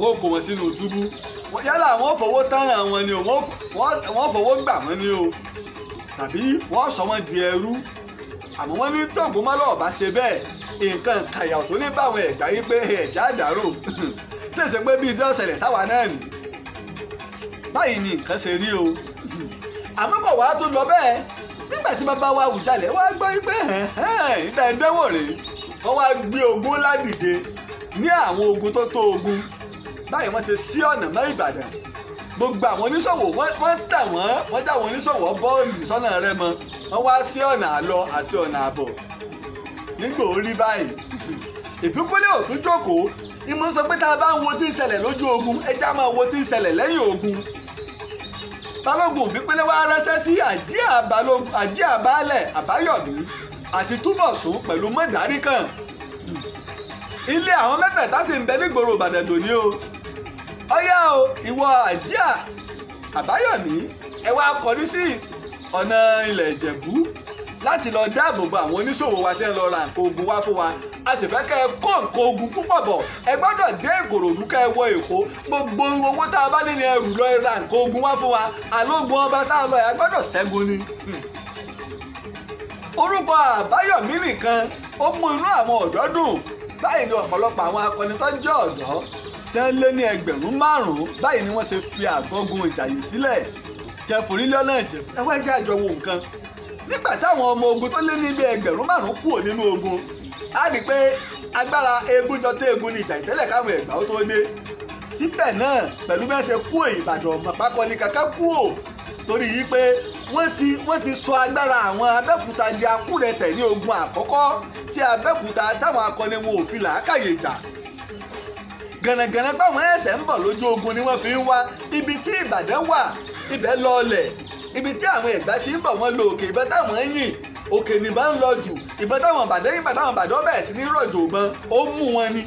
wọn ò kó wọn sínú túbú yálà wọn ò fọwọ́ tánra wọn ni o wọn ò fọwọ́ gbà wọn ni o tàbí wọn sọ wọn di ẹrú àmọ́ wọn ní tóògùn mọ́lọ́ọ̀bá ṣe bẹ́ẹ̀ nǹkan kàyà tó ní báwọn ẹ̀gbá yìí pé ẹ̀já àdárò ṣèṣe pé bíi tí ṣẹlẹ̀ sáwa náà nì báyìí ni nǹkan ṣe rí o àmọ́ kò tó lọ bẹ́ẹ̀ nígbà tí bàbá wa Àwùjalẹ̀ wá gbọ́ pé ìdẹ́ndẹ́wò rèé wọ́n wá gbé ogun ńlá ní àwọn ogun tó tó ogun báyìí wọ́n ṣe sí ọ̀nà mọ́ Ìbàdàn gbogbo àwọn oníṣòwò wọ́n tà wọ́n wọ́n dá àwọn oníṣòwò bọ́ọ̀lù sọ́nà Rẹ́mọ wọ́n wá sí ọ̀nà àlọ àti ọ̀nà àbọ̀ nígbà ó rí báyìí ìbíkúlẹ̀ ò tún jókòó ni mo sọ pé tá a bá ń wo tí ń ṣẹlẹ̀ lójú ogun ẹ já máa wo tí ń ṣẹlẹ̀ lẹ́yìn ogun balógun ìbíkúlẹ̀ wá ránṣẹ́ sí àjí àbálẹ̀ àbáyọ̀mí àti túbọ̀sùn pẹ̀lú mọ́dàrí kan ilé àwọn mẹ́tẹ̀ẹ̀ta sì ń bẹ nígboro ìbàdàn dòní o ọyá o ìwọ àjí àbáyọ̀mí ẹ wá kọrí sí ọ̀nà ilẹ̀ ìjẹ̀bú láti lọ dáàbò bo àwọn oníṣòwò wa tí ń lọ ra nǹkan ogun wá fún wa a sì fẹ́ kẹ́ ẹ kó nǹkan ogun púpọ̀ bọ̀ ẹ gbọ́dọ̀ dé ìkòròdú kẹ́ ẹ wọ èkó gbogbo owó tá a bá nínú ẹrù lọ ra nǹkan ogun wá fún wa àlógun ọba tá a lọ yà gbọ́dọ̀ ṣẹ́gun ni. Hmm. orúkọ àbáyọ̀mí nìkan ó mú inú àwọn ọ̀dọ́ dùn báyìí ni ọ̀pọ̀lọpọ̀ àwọn akọni tó jẹ́ ọ̀dọ́ tí wọ́n lé ní ẹgbẹ̀rún márùn-ún báyìí ni wọ́n ṣe fi àgọ́gun ìjàyè sílẹ̀ jẹ́ forílẹ̀ náà jẹ́ ẹwẹ́ jẹ́ àjọwò nǹkan nígbà táwọn ọmọ ogun tó lé ní bí ẹgbẹ̀rún márùn-ún kúrò nínú ogun á rí i pé agbára egun jọ tó egun ní ìjà ìtẹ́lẹ̀ káwọn ẹ̀gbá ó tó dé síbẹ̀ náà pẹ̀lú bẹ́ẹ̀ ṣe kú ìbàdàn ọ̀pápákọ ní kàkà kú ò torí yìí pé wọ́n ti wọ́n ti sọ agbára àwọn abẹ́kúta di akúrẹ̀tẹ̀ ní ogun àkọ́kọ́ tí abẹ́kúta táwọn akọni wọn ò fi làákàyè jà gànàgànà báwọn ẹ̀sẹ̀ ń bọ̀ lójú ogun ni wọ́n fi ń wá ibi tí ìbàdàn wà ibẹ̀ lọ́ọ̀lẹ̀ ibi tí àwọn ẹ̀gbá ti ń bọ̀ wọ́n lo òkè ìbọn táwọn ń yìn òkè nìbá ń lọ jù ìbọn táwọn bàdẹ́ ìgbà táwọn bàdọ́ bẹ̀rẹ̀ sí ní rọ̀jò gan ó mú wọn ni.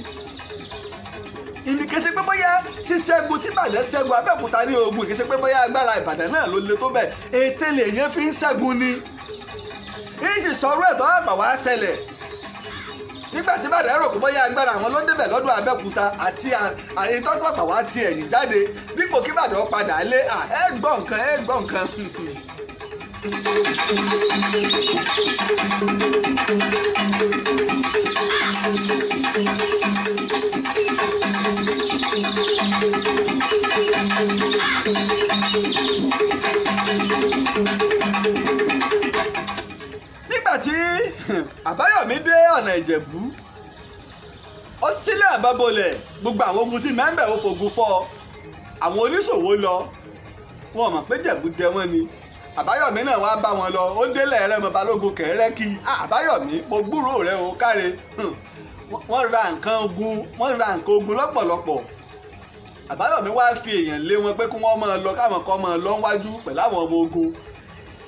ìnìkèsí pé bóyá ṣíṣẹ́gun tí bàdẹ́ ṣẹ́gun abẹ́òkúta ní ogun ìkèsí pé bóyá agbára ìbàdàn náà ló le tó bẹ́ẹ̀ ètè lèèyàn fi ń ṣẹ́gun ni. èyí sì sọ ọ̀rọ̀ ẹ̀tọ́ àgbà wá ṣẹlẹ̀ nígbà tí bàdà rò pé bóyá agbára àwọn ló débẹ̀ lọ́dún Abẹ́òkúta àti àyè wá ti ẹ̀yìn jáde dípò kí bàdà padà lé à ẹ gbọ́ nǹkan tí àbáyọ̀mí dé ọ̀nà ìjẹ̀bú ó sílẹ̀ àbábọ̀lẹ̀ gbogbo àwọn ogun tí mẹ́ńbẹ̀ ó fogun fọ́ àwọn oníṣòwò lọ wọn mọ̀ pé jẹ̀bú jẹ wọ́n ni àbáyọ̀mí náà wá bá wọn lọ ó délẹ̀ rẹ mọ balógun kẹ̀rẹ́kì àbáyọ̀mí mo gbúrò rẹ o káre wọ́n ra nǹkan ogun wọ́n ra nǹkan ogun lọ́pọ̀lọpọ̀ àbáyọ̀mí wá fi èèyàn lé wọn pé kí wọ́n máa lọ káwọn kan máa lọ wájú pẹ̀lú àwọn ọmọ ogun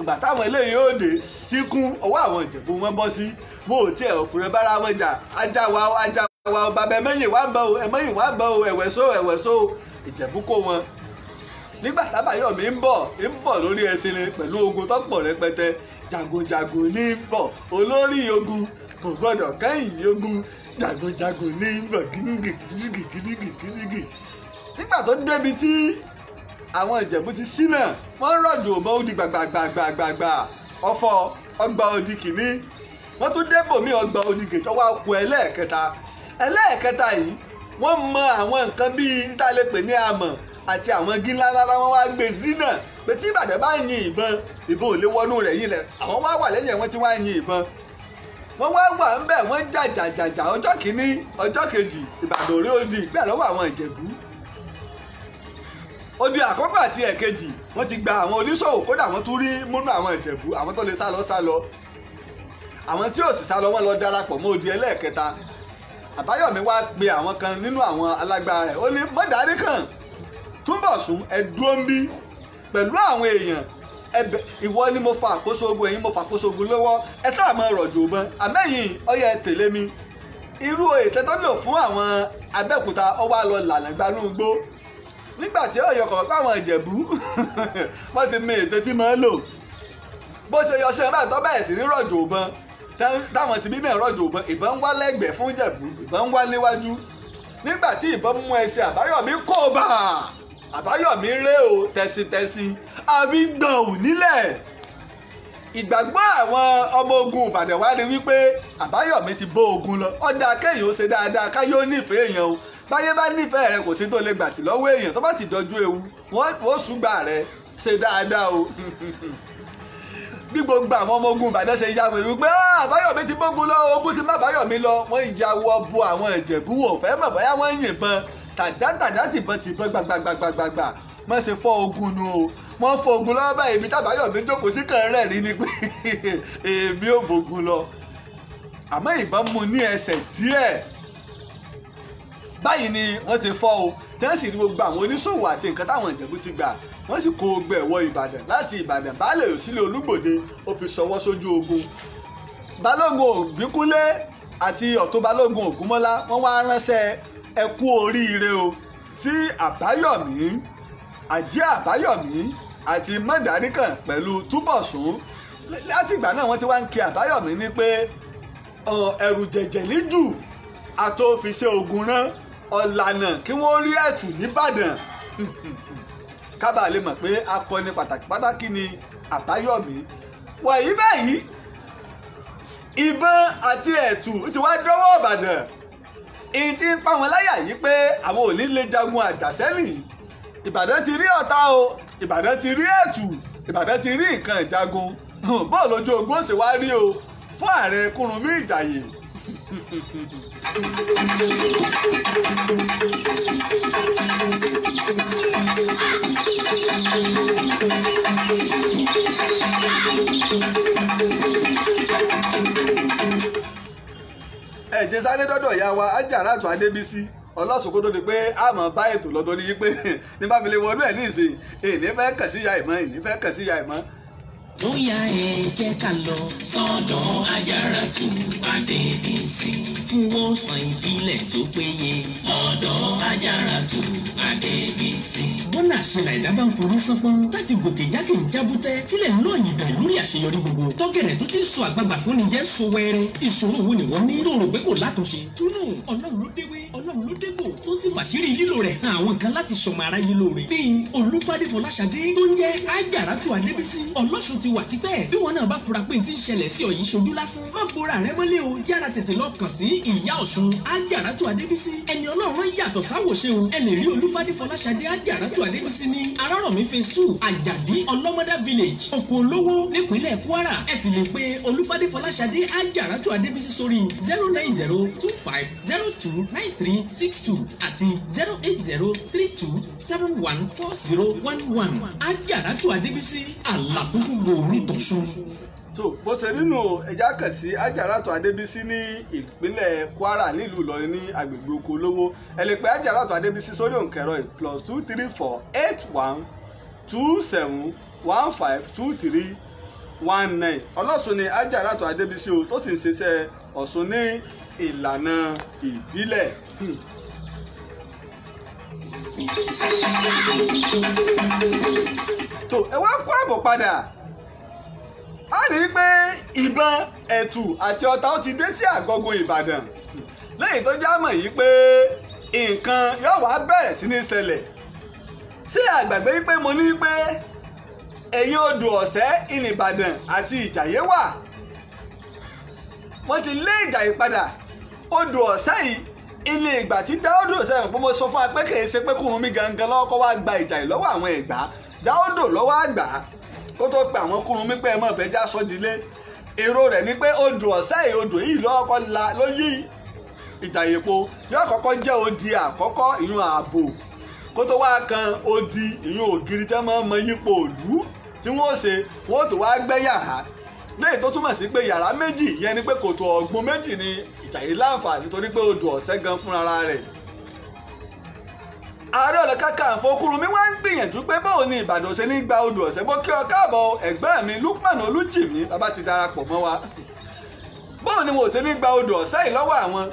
ìgbà táwọn eléyìí ò dé síkún ọwọ́ àwọn ìjẹ̀bú wọn bọ́ sí bó o tiẹ̀ òkúrẹ́ bára wọn jà ajá wa ajá wa bàbá ẹ̀mẹ́yìn wá ń bọ̀ o ẹ̀mẹ́yìn wá ń bọ̀ o ẹ̀wẹ̀só ẹ̀wẹ̀só ìjẹ̀bú kó wọn nígbà tábàyọ̀mí ń bọ̀ ń bọ̀ lórí ẹṣin ni pẹ̀lú ogun tọ́pọ̀ rẹpẹtẹ jagunjagun ní ń bọ̀ olórí ogun kò gbọ́dọ̀ kẹ́yìn ogun jagunjagun ní ń bọ̀ gírígì àwọn ìjẹ̀bú ti ṣínà wọ́n rọ̀jò mọ́ odi gbàgbàgbàgbàgbà ọ̀fọ̀ ọgbà odi kìíní wọ́n tún débò mí ọgbà odi kejì wá kú ẹlẹ́ẹ̀kẹta ẹlẹ́ẹ̀kẹta yìí wọ́n mọ àwọn nǹkan bíi nítàlẹ́pẹ̀ ní amọ̀ àti àwọn igi ńláńlá wọn wá gbé dínà pé tí Ìbàdàn bá yin ìbọn ìbọn ò lè wọnú rẹ̀ yín lẹ̀ àwọn wá wà lẹ́yìn wọn tí wá yin ìbọn wọ́n wá wà ń bẹ̀ wọ́n jàjàjàjà ọjọ́ kìíní ọjọ́ kejì Ìbàdàn òrí odi bẹ́ẹ̀ lọ́wọ́ àwọn Ìjẹ̀bú odi àkọ́kọ́ àti ẹ̀kejì wọ́n ti gba àwọn oníṣòwò kódà wọ́n tún rí múnú àwọn ìjẹ̀bú àwọn tó lè sá lọ sá lọ àwọn tí ò sì sá lọ wọ́n lọ darapọ̀ mọ́ odi ẹlẹ́ẹ̀kẹta àbáyọ̀mí wá pe àwọn kan nínú àwọn alágbára rẹ̀ ó ní mọ́dàrí kan túnbọ̀sùn ẹ̀dúró ń bí pẹ̀lú àwọn èèyàn ẹbẹ ìwọ ni mo fa àkóso ogun ẹ̀yin mo fa àkóso ogun lọ́wọ́ ẹ sáà máa rọ̀jò mọ́ àmẹ́yìn ọyẹ tẹ̀lé mi irú ètò tó lò fún àwọn abẹ́òkúta ọwọ́ àlọ́ lànà gbanú gbó nígbà tí ọ̀yọ́ kọ̀ láwọn ìjẹ̀bú wọ́n ti mọ ètò tí máa ń lò bó ṣe yọ ṣe báyìí tó bẹ̀rẹ̀ sí ní rọ̀jò ìbọn táwọn ti bí náà rọ̀jò ìbọn ìbọn ń wá lẹ́gbẹ̀ẹ́ fún ìjẹ̀bú ìbọn ń wá níwájú nígbà tí ìbọn mú ẹsẹ̀ àbáyọ̀mí kò bá àbáyọ̀mí ré o tẹ̀sítẹ̀sí àbí dàn nílẹ̀ ìgbàgbọ́ àwọn ọmọ ogun ìbàdàn wa ni wípé àbáyọ̀mí ti bó ogun lọ ọ̀dà kéèyàn ó ṣe dáadáa káyé ó nífẹ̀ẹ́ èèyàn o báyé bá nífẹ̀ẹ́ rẹ kò sí tó lè gbàtì lọ́wọ́ èèyàn tó bá ti dọjú ewu wọ́n ṣùgbà rẹ ṣe dáadáa o bí gbogbo àwọn ọmọ ogun ìbàdàn ṣe ya wèrè wípé ah, àbáyọ̀mí ti bógun lọ ogun ti má báyọ̀mí lọ wọ́n ya wọ bo àwọn ìjẹ̀bú wò fẹ́ mọ̀ bóyá wọ́n yìnbọn tàdátàdá tìbọn tìbọn gbàgbàgbàgbàgbà mọ̀ ṣe fọ́ ogun nu o wọ́n fọ ogun lọ́wọ́ báyìí èmi tábàyọ̀mí jókòó sí kan rẹ̀ rí ni pé èmi ò bògùn lọ àmọ́ ìbọn mu ní ẹsẹ̀ díẹ̀ báyìí ni wọ́n ti fọ́ o tí wọ́n sì rí gbogbo àwọn oníṣòwò àti nǹkan táwọn ìjẹ̀bú ti gbà wọ́n sì kó gbẹ ẹ̀wọ̀ ìbàdàn láti ìbàdàn baálé òsílẹ̀ olúgbòde ó fi sọwọ́ sójú ogun balógun ògbínkúlé àti ọ̀tún balógun ògúnmọ́lá wọ́n wá ránṣẹ́ ẹ kú oríire o sí àbáyọ̀mí àjẹ́ àbáyọ̀mí àti mọ̀dáríkàn pẹ̀lú túbọ̀sún látìgbà náà wọ́n ti wá ń kí àbáyọ̀mí ní pé ẹ̀rù jẹ̀jẹ̀lí jù àtòfiṣẹ́ ogun rán ọ̀lànà kí wọ́n rí ẹ̀tù nìbàdàn kábà lè mọ̀ pé akọni pàtàkì pàtàkì ni àbáyọ̀mí wàyí báyìí ìbọn àti ẹ̀tù ti wá dọ́wọ́ ìbàdàn èyí tí ń pa wọn láyà yìí pé àwọn ò ní lè jagun àjàṣẹ́lì ìbàdàn ti rí ọ̀tá o ìbàdàn ti rí ẹ̀tù ìbàdàn ti rí nǹkan ìjagun bọ́ọ̀lù ojú ogun ó sì wá rí o fún ààrẹ Kúrúnmí Ìjàyè. ẹ̀jẹ̀ sáré dọ́dọ̀ ìyá wa Ajaratu Adébísí ọlọ́sùnkún tó di pé àmọ́ bá ètò lọ́tọ́ ní yí pé nígbà mi lè wọnú ẹ̀ ní ìsìn ìní fẹ́ kàn sí ìyá ìmọ̀ ìní fẹ́ kàn sí ìyá ìmọ̀ ó yá ẹ jẹ́ ká lọ. sọ́dọ̀ Àjàrà tún pàdé bíìsì. fún wọ́sàn ìbílẹ̀ tó péye. ọ̀dọ̀ Àjàrà tún pàdé bíìsì. bọ́nà àṣẹlà ẹ̀dá bá ń forí sánpọ́n láti gòkè jákè ń jábútẹ́ tílẹ̀ ń lọ ìdá lórí àṣeyọrí gbogbo. tọ́gẹ̀rẹ̀ tó ti ń sọ àgbààgbà fún ni jẹ́ so wẹ́rẹ́. ìṣòro wo ni wọ́n ní. tó rò pé kò látúnṣe. túnú ọlọ́run ló déwé ọlọ́run ló dégbò tó sì fàṣírí lílo rẹ̀ hàn àwọn kan láti ṣọmọ aráyé lóore. bíi olúfádé fọláṣadé tó ti wà tipẹ́ bí wọn náà bá fura pé n ti ń ṣẹlẹ̀ sí ọ yìí ṣojú lásán má bora rẹ mọ́lẹ̀ o yára tètè lọ kàn sí ìyá ọ̀ṣun ájàràtú adébísí ẹni ọlọ́run yàtọ̀ sáwòṣe o ẹni rí olúfádé fọláṣadé ájàràtú adébísí ní arárọ̀mí phase two àjàdí ọlọ́mọdá village oko olówó nípínlẹ̀ kwara ẹ sì lè pe olúfádé fọláṣadé ájàràtú adébísí sórí zero nine zero two five zero two nine three six two àti zero eight zero three two seven one four zero one one ájàràtú adébísí àlàfo gbogbo onítọ̀sùn. tó bó ṣe nínú ẹja kàn sí ajaratu adébísí ní ìpínlẹ̀ kwara nílùú ìlọrin ní agbègbè oko olówó ẹ lè pe ajaratu adébísí sórí òǹkẹ̀rọ yìí plus two three four eight one two seven one five two three one nine ọlọ́sùn ni ajaratu adébísí o tó sì ń ṣiṣẹ́ ọ̀sùn ní ìlànà ìbílẹ̀. Hmm tó ẹ wá kó àbọ̀ padà a rí i pé ìbọn ẹ̀tù àti ọ̀tá ó ti dé sí àgọ́gun ìbàdàn lẹ́yìn tó já mọ̀ yìí pé nǹkan yóò wá bẹ̀rẹ̀ sí ní ṣẹlẹ̀ ṣé àgbàgbé pé mo ní pé ẹ̀yìn odò ọ̀sẹ́ ìnìbàdàn àti ìjàyè wà wọ́n ti lé ìjàyè padà odò ọ̀sẹ́ yìí ilé ìgbà tí dáódò sẹ́yìn pé mo sọ fún apẹ́kẹ̀ẹ́ ṣe pé kùrùmí gangan lọ́wọ́ lọ́kọ́ wá gba ìjàyè lọ́wọ́ àwọn ẹ̀gbá dáódò lọ́wọ́ àgbà kó tó pe àwọn Kúrúnmí pé ẹ mọ̀ bẹ́ẹ̀ já sọ́dílé èrò rẹ̀ ni pé odò ọ̀sẹ́ yìí odò yìí lọ́kọ́ la ló yí Ìjàyè po yóò kọ́kọ́ jẹ́ odi àkọ́kọ́ ìyún ààbò kó tó wá kan odi ìyún ògiri tẹ́ mọ́ mọ yípo òlú tí wọ́n ṣe wọ́n tó wá gbẹ́ yàrá lẹ́yìn tó túmọ̀ sí pé yàrá méjì yẹn ni pé kòtò ọ̀gbun méjì ni Ìjàyè láǹfààní torí pé odò ọ̀sẹ́ gan fúnra rẹ̀ ààrẹ ọ̀nà kakanfò Kúrúnmí wá ń gbìyànjú pé báwo ni ìbàdàn ṣe ní gba odò ọ̀sẹ̀ mo kí ọ káàbọ̀ ẹ̀gbọ́n mi Lukman Olújìmí bàbá ti darapọ̀ mọ́ wa báwo ni wọn ṣe ní gba odò ọ̀sẹ̀ yìí lọ́wọ́ àwọn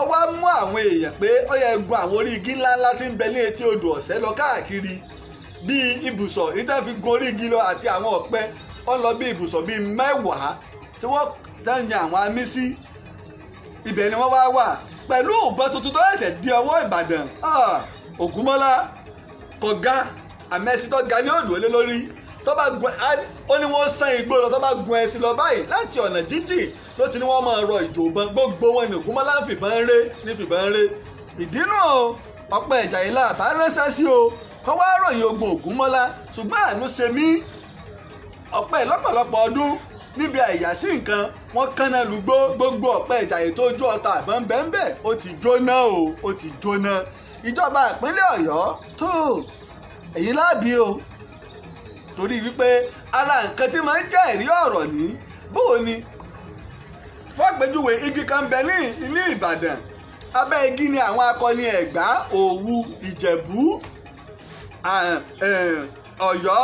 ọwọ́ á mú àwọn èèyàn pé ó yẹ gun àwọn orí igi ńláńlá tí ń bẹ ní etí odò ọ̀sẹ̀ lọ káàkiri bíi ibùsọ̀ níta fi gun orí igi lọ àti àwọn ọ̀pẹ ó lọ bí ibùsọ̀ bíi mẹ́wàá tí wọ́n tẹ̀yìn àwọn amísí ibẹ̀ ni wọ́n wá wà pẹ̀lú òbọ̀ tuntun tó ẹ̀sẹ̀ di ọwọ́ Ìbàdàn ah! Ògúnmọ́lá kọ̀gá àmẹ́sí tó ga ní òdùn lé lórí tó bá gun ó ní wọ́n san igbó lọ tó bá gun ẹṣin lọ báyìí láti ọ̀nà jíjìn ló ti ní wọ́n máa rọ ìjòban gbogbo wọn ní Ògúnmọ́lá fìbọn ré ní fìbọn ré ìdínú ọ̀pọ̀ ẹ̀jà ìlà àbá ránṣẹ́ sí o kọ́ wá ròyìn ogun Ògúnmọ́lá ṣùgbọ́n àánú ṣe mí ọ̀pẹ lọ́pọ̀lọpọ̀ ọdún níbi àyàsí nǹkan wọ́n kánná lùgbó gbogbo ọ̀pẹ ìjà ètò ojú ọta àbọ̀n bẹ́ẹ̀ bẹ́ẹ̀ ó ti jóná o ó ti jóná ìjọba ìpínlẹ̀ ọ̀yọ́ tó èyí láàbí o torí wípé ara nǹkan tí máa ń jẹ́ ẹ̀rí ọ̀rọ̀ ní bóò ni fọ́gbẹ́júwe igi kan bẹ ní ilé ìbàdàn abẹ́ igi ni àwọn akọni ẹ̀gbá òwu ìjẹ̀bú ọ̀yọ́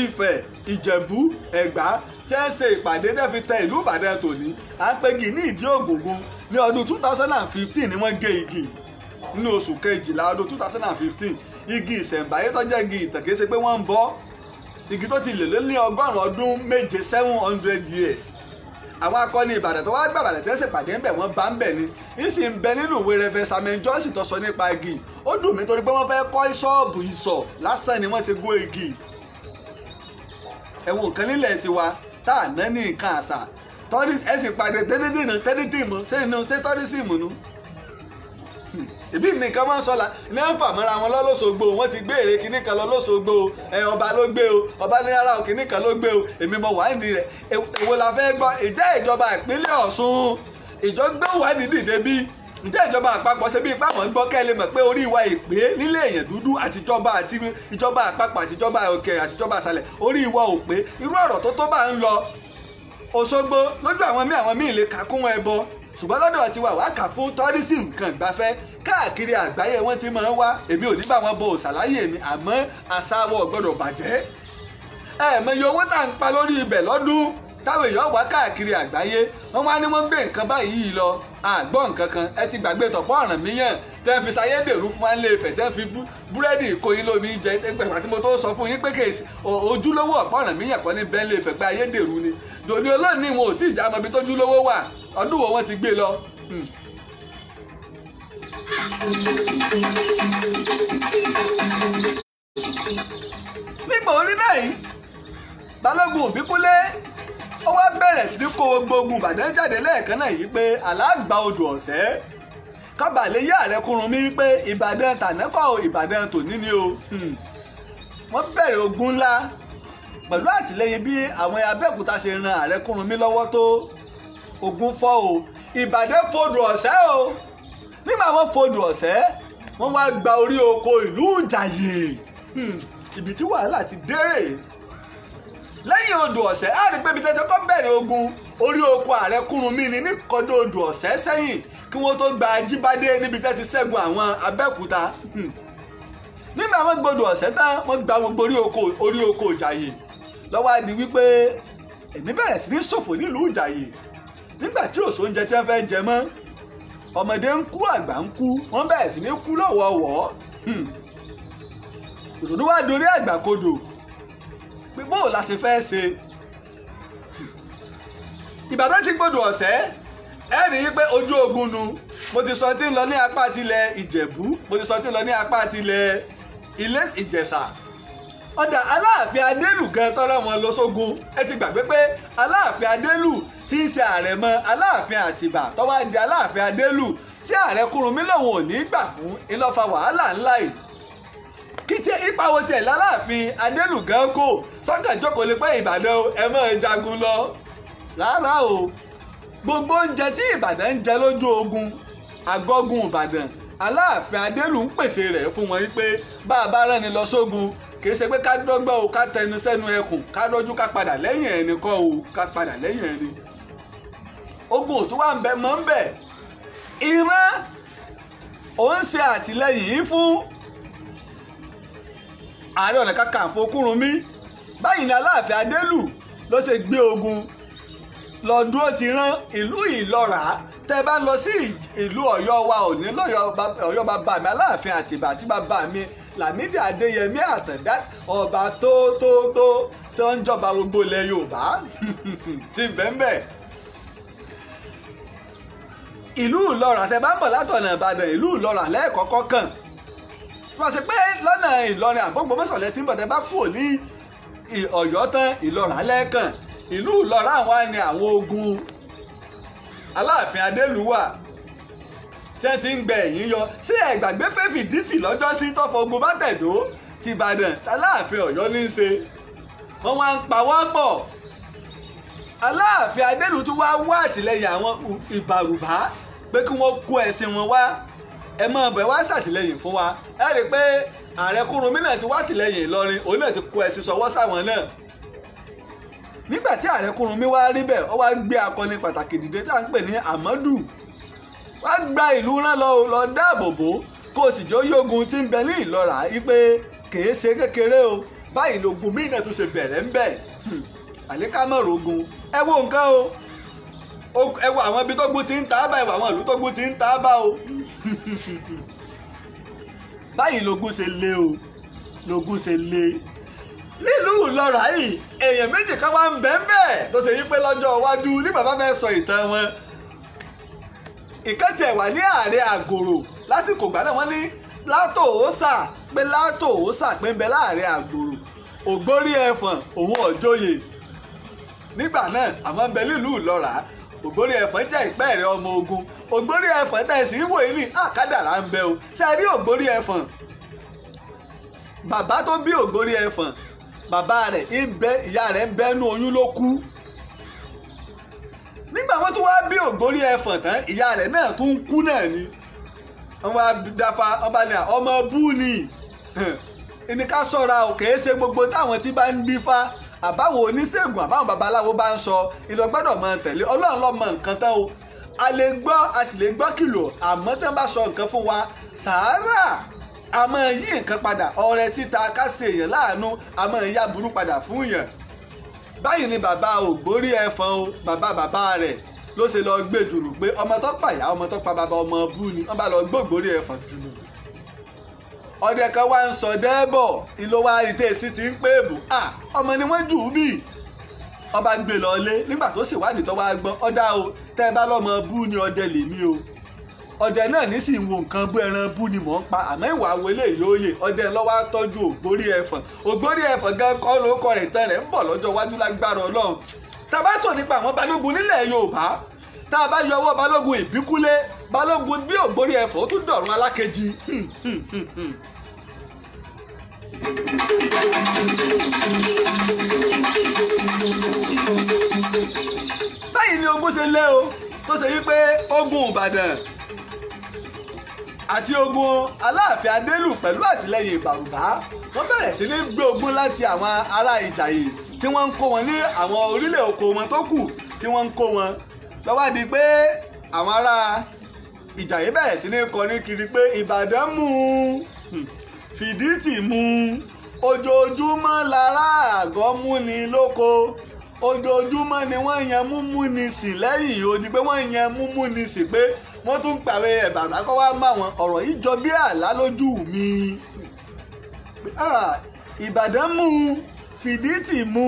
ifẹ̀ ìjẹ̀bú ẹ̀gbá tẹ́ ṣe ìpàdé tẹ́ fi tẹ ìlú ìbàdàn tòní à ní ìdí ògògùn ní ọdún two thousand and fifteen ni wọ́n gé igi nínú oṣù kejìlá ọdún two thousand and fifteen igi ìṣẹ̀ǹbáyé tó jẹ́ igi ìtàn kìí ṣe pé wọ́n ń bọ́ igi tó ti lè lé ní ọgọ́rùn-ún ọdún méje seven hundred years àwọn akọni ìbàdàn tó wá gbà bàdàn tẹ́sẹ̀ pàdé ńbẹ̀ wọ́n bá ńbẹ̀ ni ìsì ń bẹ nínú ìwé rẹfẹ samuel johnson tó sọ nípa igi ó dùn mí torí pé wọ́n fẹ́ kọ́ ṣọ́ọ̀bù ìsọ̀ lásán ni wọ́n ṣe gún igi ẹ̀wọ̀n nǹkan nílẹ̀ tiwa tá à ná ní nǹkan àṣà tọ́rí ẹ̀sìn pàdé tẹ́lẹ̀dìmọ̀ tẹ́lẹ̀dìmọ̀ sẹ́yìn náà ṣé tọ́rí sì mú nu ìbí nìkan máa ń sọ la ní à ń fà mọ́ra wọn lọ́lọ́sọ̀gbò wọ́n ti gbé èrè kínní kan lọ́lọ́sọ̀gbò ẹ ọba ló gbé o ọba ní ara ò kínní kan ló gbé o èmi mọ wáńdì rẹ èwo la fẹ́ gbọ́ ìjẹ́ ìjọba ìpínlẹ̀ Ọ̀ṣun ìjọ gbé wáńdì dìde bí ìjẹ́ ìjọba àpapọ̀ ṣe bí ipá wọn gbọ́ kẹ́lẹ́ mọ̀ pé orí wa ìpè nílé èèyàn dúdú àtijọba àti ìjọba àpapọ̀ àtijọba òkè àtijọba àṣàlẹ̀ orí wa ò pé irú ọ̀rọ̀ tó tó bá ń lọ Òṣogbo lójú àwọn míì àwọn míì lè kà kún ẹbọ ṣùgbọ́n lọ́dọ̀ tiwa wàá kà fún tourism nǹkan ìgbafẹ́ káàkiri àgbáyé wọn ti máa ń wá èmi ò ní bá wọn bo òsàlàyé mi àmọ́ àṣàwọ̀ gbọ́dọ̀ bàjẹ́ ẹ̀ẹ̀mẹyẹ owó tá à pa lórí ibẹ̀ lọ́dún táwọn èèyàn wá káàkiri àgbáyé wọn wá ní wọn gbé nǹkan báyìí lọ àgbọ̀ nǹkan kan ẹ ti gbàgbé tọ̀pọ̀ ọ̀ràn mi yàn tẹ́ fi sayédèrú fún wa ńlẹ̀ Ifẹ̀ tẹ́ fi búrẹ́dì kó yín lómi jẹ ẹgbẹ̀rún àti mo tó sọ fún yín pé kèsì ojúlówó ọ̀pọ̀ ọ̀ràn mi yàn kọ́ ní bẹ́ẹ̀ lè fẹ̀ pé ayédèrú ni dòní olóòní wọn ò tí ì já ọmọ tójúlówó wà ọdún wo wọn ti gbé lọ hmm nígbà orí náà yìí balógun òbíkúlé ó wá bẹ̀rẹ̀ sí ní kó gbogbo ìbàdàn jáde lẹ́ẹ̀kan náà yìí pé aláàgbà odò ọ̀sẹ́ kábà lè yé ààrẹ Kúrúnmí pé ìbàdàn tànákọ́ ìbàdàn tòní ni o hmm. wọ́n bẹ̀rẹ̀ ogun ńlá pẹ̀lú àtìlẹyìn bí àwọn abẹ́òkúta ṣe ran ààrẹ Kúrúnmí lọ́wọ́ tó ogun fọ́ o ìbàdàn fodò ọ̀sẹ́ o nígbà wọ́n fodò ọ̀sẹ́ wọ́n wá gba orí oko ìlú ìjàyè hmm, ibi tí wàhálà ti dérè lẹ́yìn odò ọ̀sẹ́ á rí pé ibi tẹ́tẹ́ kọ́ bẹ̀rẹ̀ ogun orí oko ààrẹ Kúrúnmí ni níkọ̀dọ̀ odò ọ̀sẹ́ sẹ́yìn kí wọ́n tó gba Ajíbádé níbi tẹ́tí ṣẹ́gun àwọn Abẹ́òkúta hmm, nígbà wọ́n gbodò ọ̀sẹ́ tán wọ́n gba gbogbo orí oko Ìjàyè lọ́wọ́ á di wípé èmi bẹ̀rẹ̀ sí ní ṣòfò nílùú Ìjàyè nígbà tí òṣò oúnjẹ tí wọ́n fẹ́ jẹ mọ́ ọmọdé ń kú àgbà ń kú wọ́n bẹ̀rẹ̀ sí ní kú lọ́wọ́ọ̀wọ́ ìrònú hmm. wá dorí àgbà kodò pé bó la ṣe fẹ́ ṣe hmm. ìbàdàn ti gbọdọ̀ ọ̀sẹ́ ẹ rí i pé ojú ogun nu mo ti sọ tí ń lọ ní apá tilẹ̀ ìjẹ̀bú mo ti sọ tí ń lọ ní apá tilẹ̀ ilé ìjẹ̀ṣà ọ̀dà aláàfin adélù gan tọ́lọ́mọ lọ sógun ẹ ti gbàgbé pé aláàfin adélù tí í ṣe àrẹ̀mọ aláàfin àtìbà tó wá di aláàfin adélù tí ààrẹ Kúrúnmí lòun ò ní gbà fún ìlọ́fà wàhálà ńlá yìí kìtì ìpàwọ̀ tiẹ̀ lálàáfin adélù gan kò sọ́kà jókòó lè pẹ́ Ìbàdàn o ẹ mọ̀ ẹ jagun lọ rárá o gbogbo oúnjẹ tí Ìbàdàn ń jẹ lójú ogun àgọ́gun Ìbàdàn aláàfin adélù ń pèsè rẹ̀ fún wọn wípé bá a bá rẹ́ni lọ sógun kì í ṣe pé ká dọ́gbọ́n o ká tẹnu sẹ́nu ẹkùn ká rọ́jú ká padà lẹ́yìn ẹni kọ́ o ká padà lẹ́yìn ẹni. ogun tó wà ń bẹ mọ́ ń bẹ ìran òun ṣe àtìlẹ́yìn yìí fún ààrẹ ọ̀nà kakanfò Kúrúnmí báyìí ni aláàfin adélù ló ṣe gbé ogun lọ dúró ti rán ìlú ìlọ́ra tẹ́ bá ń lọ sí ìlú Ọ̀yọ́ wa òní lọ́yọ́ Ọ̀yọ́ bàbá mi Aláàfin Àtìbà àti bàbá mi Lámídì Adéyẹmí Àtàndá ọba tó tó tó tó ń jọba gbogbo ilẹ̀ Yorùbá ti bẹ́ẹ̀ ìlú Ìlọrà tẹ́ bá ń bọ̀ látọ̀nà Ìbàdàn ìlú Ìlọrà lẹ́ẹ̀kọ́kọ́ kàn tó bá ṣe pé lọ́nà Ìlọrin àgbọ̀gbọ̀mọ̀sọ̀lẹ́ ti ń bọ̀ tẹ́ bá kúrò ní Ọ̀yọ́ tán Ìlọrà lẹ́ẹ̀kàn ìlú Ìlọrà àwọn ni àwọn ogun aláàfin adélùwà tí wọ́n ti ń gbẹ ẹ̀yìn yọ ṣé ẹ̀ gbàgbé dìtì lọ́jọ́ sí tọ́fọ̀ ogun bá tẹ̀dó ti ìbàdàn aláàfin ọ̀yọ́ ní í ṣe wọ́n wá ń pa pọ̀ aláàfin adélù tún wá wá àtìlẹ́yìn àwọn ìbàrùbá pé kí wọ́n kó ẹ̀sìn wọn wá ẹ mọ ọbẹ̀ wá ṣàtìlẹ́yìn fún wa ẹ rí i pé ààrẹ kúrúnmí náà ti wá àtìlẹ́yìn ìlọrin òun náà ti kó ẹ̀sìn sọwọ́ sáwọn náà nígbà tí ààrẹ Kúrúnmí wá rí bẹ́ẹ̀ ó wá gbé akọni pàtàkì dìde tá à ń pè ní Amadu wá gba ìlú rán lọ lọ dáàbò bò kó o sì jọ yógun tí ń bẹ ní ìlọ́ra yìí pé kèé ṣe kékeré o báyìí lògùn míì náà tó ṣe bẹ̀rẹ̀ ń bẹ̀ hmm. àlékámọ̀rọ̀ ogun ẹ wo nǹkan o ẹ wo àwọn ibi tógun ti ń ta bá ẹ wo àwọn ìlú tógun ti ń ta bá o báyìí lògùn ṣe le o lògùn ṣe le nílùú ìlọ́ra yìí èèyàn méjì kan wá ń bẹ ń bẹ tó ṣe yí pé lọ́jọ́ iwájú ní bàbá fẹ́ sọ ìtàn wọn ìkẹ́tì ẹ̀wà ní ààrẹ àgòrò lásìkò ìgbà náà wọ́n ní látò òòsà pé látò òòsà pé ń bẹ láàrẹ àgòrò ògbórí ẹ̀fọ̀n òun ọ̀jọ́yè nígbà náà àmọ́ ń bẹ nílùú ìlọ́ra ògbórí ẹ̀fọ̀n jẹ́ ìpẹ́ẹ̀rẹ̀ ọmọ ogun ògbórí ẹ̀fọ̀n tẹ̀sí wò yín ní àkádàrá ń bẹ o ṣe rí ògbórí ẹ̀fọ̀n bàbá tó bí ògbórí ẹ̀fọ̀n bàbá rẹ̀ ìyá rẹ̀ ń bẹ́nu oyún ló kú nígbà wọn tún wáá bí ògbórí ẹfọ̀n tán ìyá rẹ̀ náà tún kú náà ni wọn wá dáfa ọba ní ọmọ bú ni ẹni ká ṣọ́ra ò kèé ṣe gbogbo táwọn tí bá ń dífá àbáwọn oníṣègùn àbáwọn babaláwo bá ń sọ ìlọgbọ́dọ̀ máa tẹ̀lé ọlọ́run ló mọ nǹkan tán o a lè gbọ́ a sì lè gbọ́ kìlọ̀ àmọ́ tí wọ́n bá sọ nǹkan fún wa sàárà a máa yí nǹkan padà ọrẹ títa ká ṣe èèyàn láàánú a máa yá burú padà fún yàn báyìí ni bàbá ògbórí ẹfọn o bàbá bàbá rẹ̀ ló ṣe lọ gbé jùlù pé ọmọ tó pàyà ọmọ tó pa bàbá ọmọ bú ni wọ́n bá lọ gbógbórí ẹfọn jùlù ọdẹ kan wá ń sọ dẹ́bọ̀ ìlò wa rí tèèsì ti ń pè bù à ọmọ ni wọ́n jù ú bì ọba gbé lọ lé nígbà tó sì tó wá gbọ́ ọ̀dà o tẹ́ ẹ bá lọ́mọ bú ni ọdẹ lèmi o ọdẹ náà nísì ń wo nǹkan bú ẹran bú ni mò ń pa àmọ́ ìwà àwọn eléyìí ó yè ọdẹ lọ́wọ́ tọ́jú ògbórí ẹ̀fọ̀n ògbórí ẹ̀fọ̀n gan kọ́ ló kọ rẹ̀ tán rẹ̀ ń bọ̀ lọ́jọ́ iwájú lágbára ọlọ́run tabato nípa àwọn balógun nílẹ̀ yorùbá tá a bá yọwọ́ balógun ìbíkúlé balógun bí ògbórí ẹ̀fọ̀n ó tún dọ̀rùn alákejì hmm, hmm, hmm, báyìí ni ogun ṣe lé o tó ṣe wípé ogun ìbàdàn àti ogun aláàfin adélù pẹ̀lú àtìlẹyìn ìbàrùbá wọ́n bẹ̀rẹ̀ sí ní gbé ogun láti àwọn ará ìjàyè tí wọ́n ń kó wọn ní àwọn orílẹ̀ oko wọn tó kù tí wọ́n ń kó wọn ló di pé àwọn ará ìjàyè bẹ̀rẹ̀ sí ní kọrí kiri pé ìbàdàn mú un hmm, fìdítì mú un ojoojúmọ́ lára àgọ́ mú ni lóko ojoojúmọ́ ni wọ́n yan múmú ni sí lẹ́yìn odi pé wọ́n yan múmú ni sí pé wọ́n tún ń pàwé ẹ̀bàrà kọ́ wá má wọn ọ̀rọ̀ yìí jọ bí àlá lójú mi ah, ìbàdàn mú fìdítì mú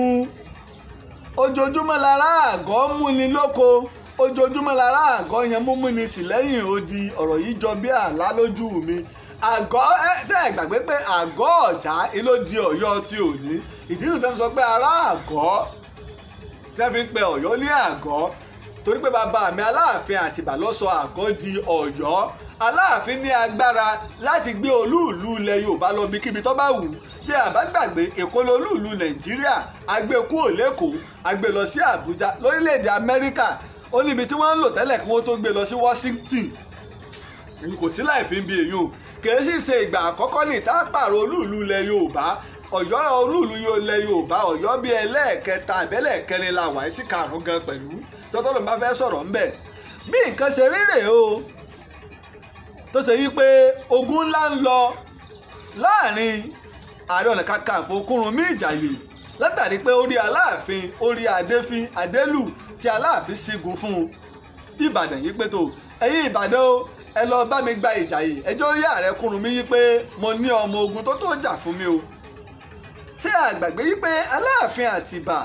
ojoojúmọ́ lára àgọ́ mú ni lóko ojoojúmọ́ lára àgọ́ yẹn mú mú ni sì odi ọ̀rọ̀ yìí jọ bí àlá lójú mi àgọ́ ẹ ṣe é gbàgbé pé àgọ́ ọ̀já ló di ọ̀yọ́ ti òní ìdí nìkan sọ pé ará àgọ́ tẹ́ fi ń pe ọ̀yọ́ ní àgọ́ torí pé bàbá mi aláàfin àtìbà ló sọ àgọ́ di ọ̀yọ́ aláàfin ní agbára láti gbé olúùlú ilẹ̀ yorùbá lọ bí kíbi tó bá wù tí a bá gbàgbé èkó lọ olúùlú nàìjíríà agbé e kúrò lẹ́kọ̀ọ́ agbé e lọ sí àbújá lórílẹ̀‐èdè amẹ́ríkà ó níbi tí wọ́n ń lò tẹ́lẹ̀ kí wọ́n tó gbé e lọ sí washington kò sí láì fi ń bi èyí o kì í sì ṣe ìgbà àkọ́kọ́ ní ìta pààrọ̀ olúùlú ilẹ̀ yorùbá ọ̀yọ́ olúùlú ilẹ̀ yorùbá ọ̀yọ́ bíi ẹlẹ́ẹ̀kẹta àbẹ́lẹ̀kẹrin la wà sí karùn-ún gan pẹ̀lú tọ́tọ́ lòun bá fẹ́ sọ̀rọ̀ ńbẹ̀ bí nǹkan ṣe rí rèé o tó ṣe wípé ogun ńlá ń lọ láàrin ààrẹ ọ̀nà kakanfò Kúrúnmí Ìjàyè látàrí pé ó rí aláàfin ó rí adéfin adélù tí aláàfin sígun fún un ìbàdàn yìí pé tó ẹ̀yin ìbàdàn o ẹ lọ bá mi gba Ìjàyè ẹjọ́ yí ààrẹ Kúrúnmí yìí pé mo ní ọmọ ogun tó tó jà fún mi o ṣé àgbàgbé yìí pé aláàfin àtìbà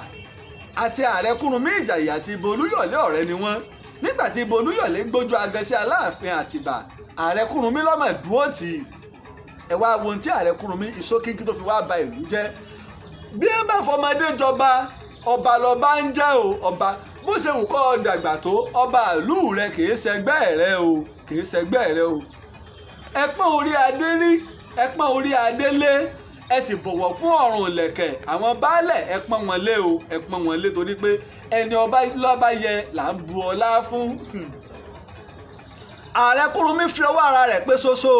àti ààrẹ Kúrúnmí Ìjàyè àti Ìbà Olúyọ̀lé ọ̀rẹ́ ni wọ́n nígbà tí Ìbà Olúyọ̀lé gbójú agan sí Aláàfin Àtìbà ààrẹ Kúrúnmí lọ́mọ̀ dúró tì í ẹ wá wo ohun tí ààrẹ Kúrúnmí ìṣókíkí tó fi wá ba ìlú jẹ́ bí ẹ bá fọmọdé jọba ọba lọba ń jẹ́ o ọba bó ṣe wù kọ́ dàgbà tó ọba ìlú rẹ kì í ṣẹgbẹ́ rẹ o kì í ṣẹgbẹ́ rẹ o ẹpọ́n orí adé rí ẹpọ́n orí adé lé ẹ sì bọ̀wọ̀ fún ọ̀rùn ìlẹ̀kẹ̀ àwọn baálẹ̀ ẹ pọ́n wọn lé o ẹ pọ́n wọn lé torí pé ẹni ọba lọ́ba yẹ là ń bu ọlá fún. ààrẹ Kúrúnmí fi ọwọ́ ara rẹ̀ pé ṣoṣo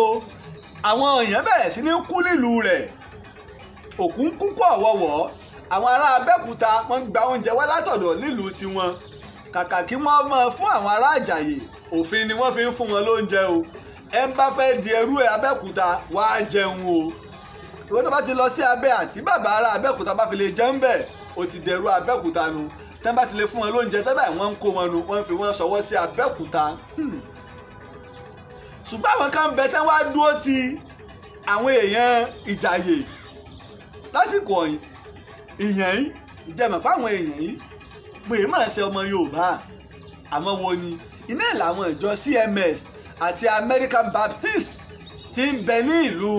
àwọn èèyàn bẹ̀rẹ̀ sí ní kú nílùú rẹ̀ òkú ń kú pọ̀ wọ̀wọ̀ àwọn ará Abẹ́òkúta wọ́n gba oúnjẹ wá látọ̀dọ̀ nílùú tiwọn kàkà kí wọ́n mọ̀ fún àwọn ará Àjàyè òfin ni wọ́n fi ń fún wọn lóúnjẹ o ẹ bá fẹ́ di ẹrú ẹ Abẹ́òkúta wàá jẹun o ìwé tó bá ti lọ sí abẹ́ àti bàbá ara abẹ́òkúta bá fi lè jẹ́ ń bẹ̀ ó ti dẹ̀rù abẹ́òkúta nu tẹ́ bá ti lè fún wọn lóúnjẹ tẹ́ báyìí wọ́n ń kó wọn nu wọ́n fi wọ́n ṣọwọ́ sí abẹ́òkúta hmm. ṣùgbọ́n àwọn kan bẹ tẹ́ wá dúró ti àwọn èèyàn ìjàyè lásìkò ìyẹn yìí ìjẹmọ̀ pé àwọn èèyàn yìí pé mọ̀ ṣe ọmọ Yorùbá àmọ́ wo ni iná làwọn ìjọ CMS àti American Baptist ti ń bẹ ní ìlú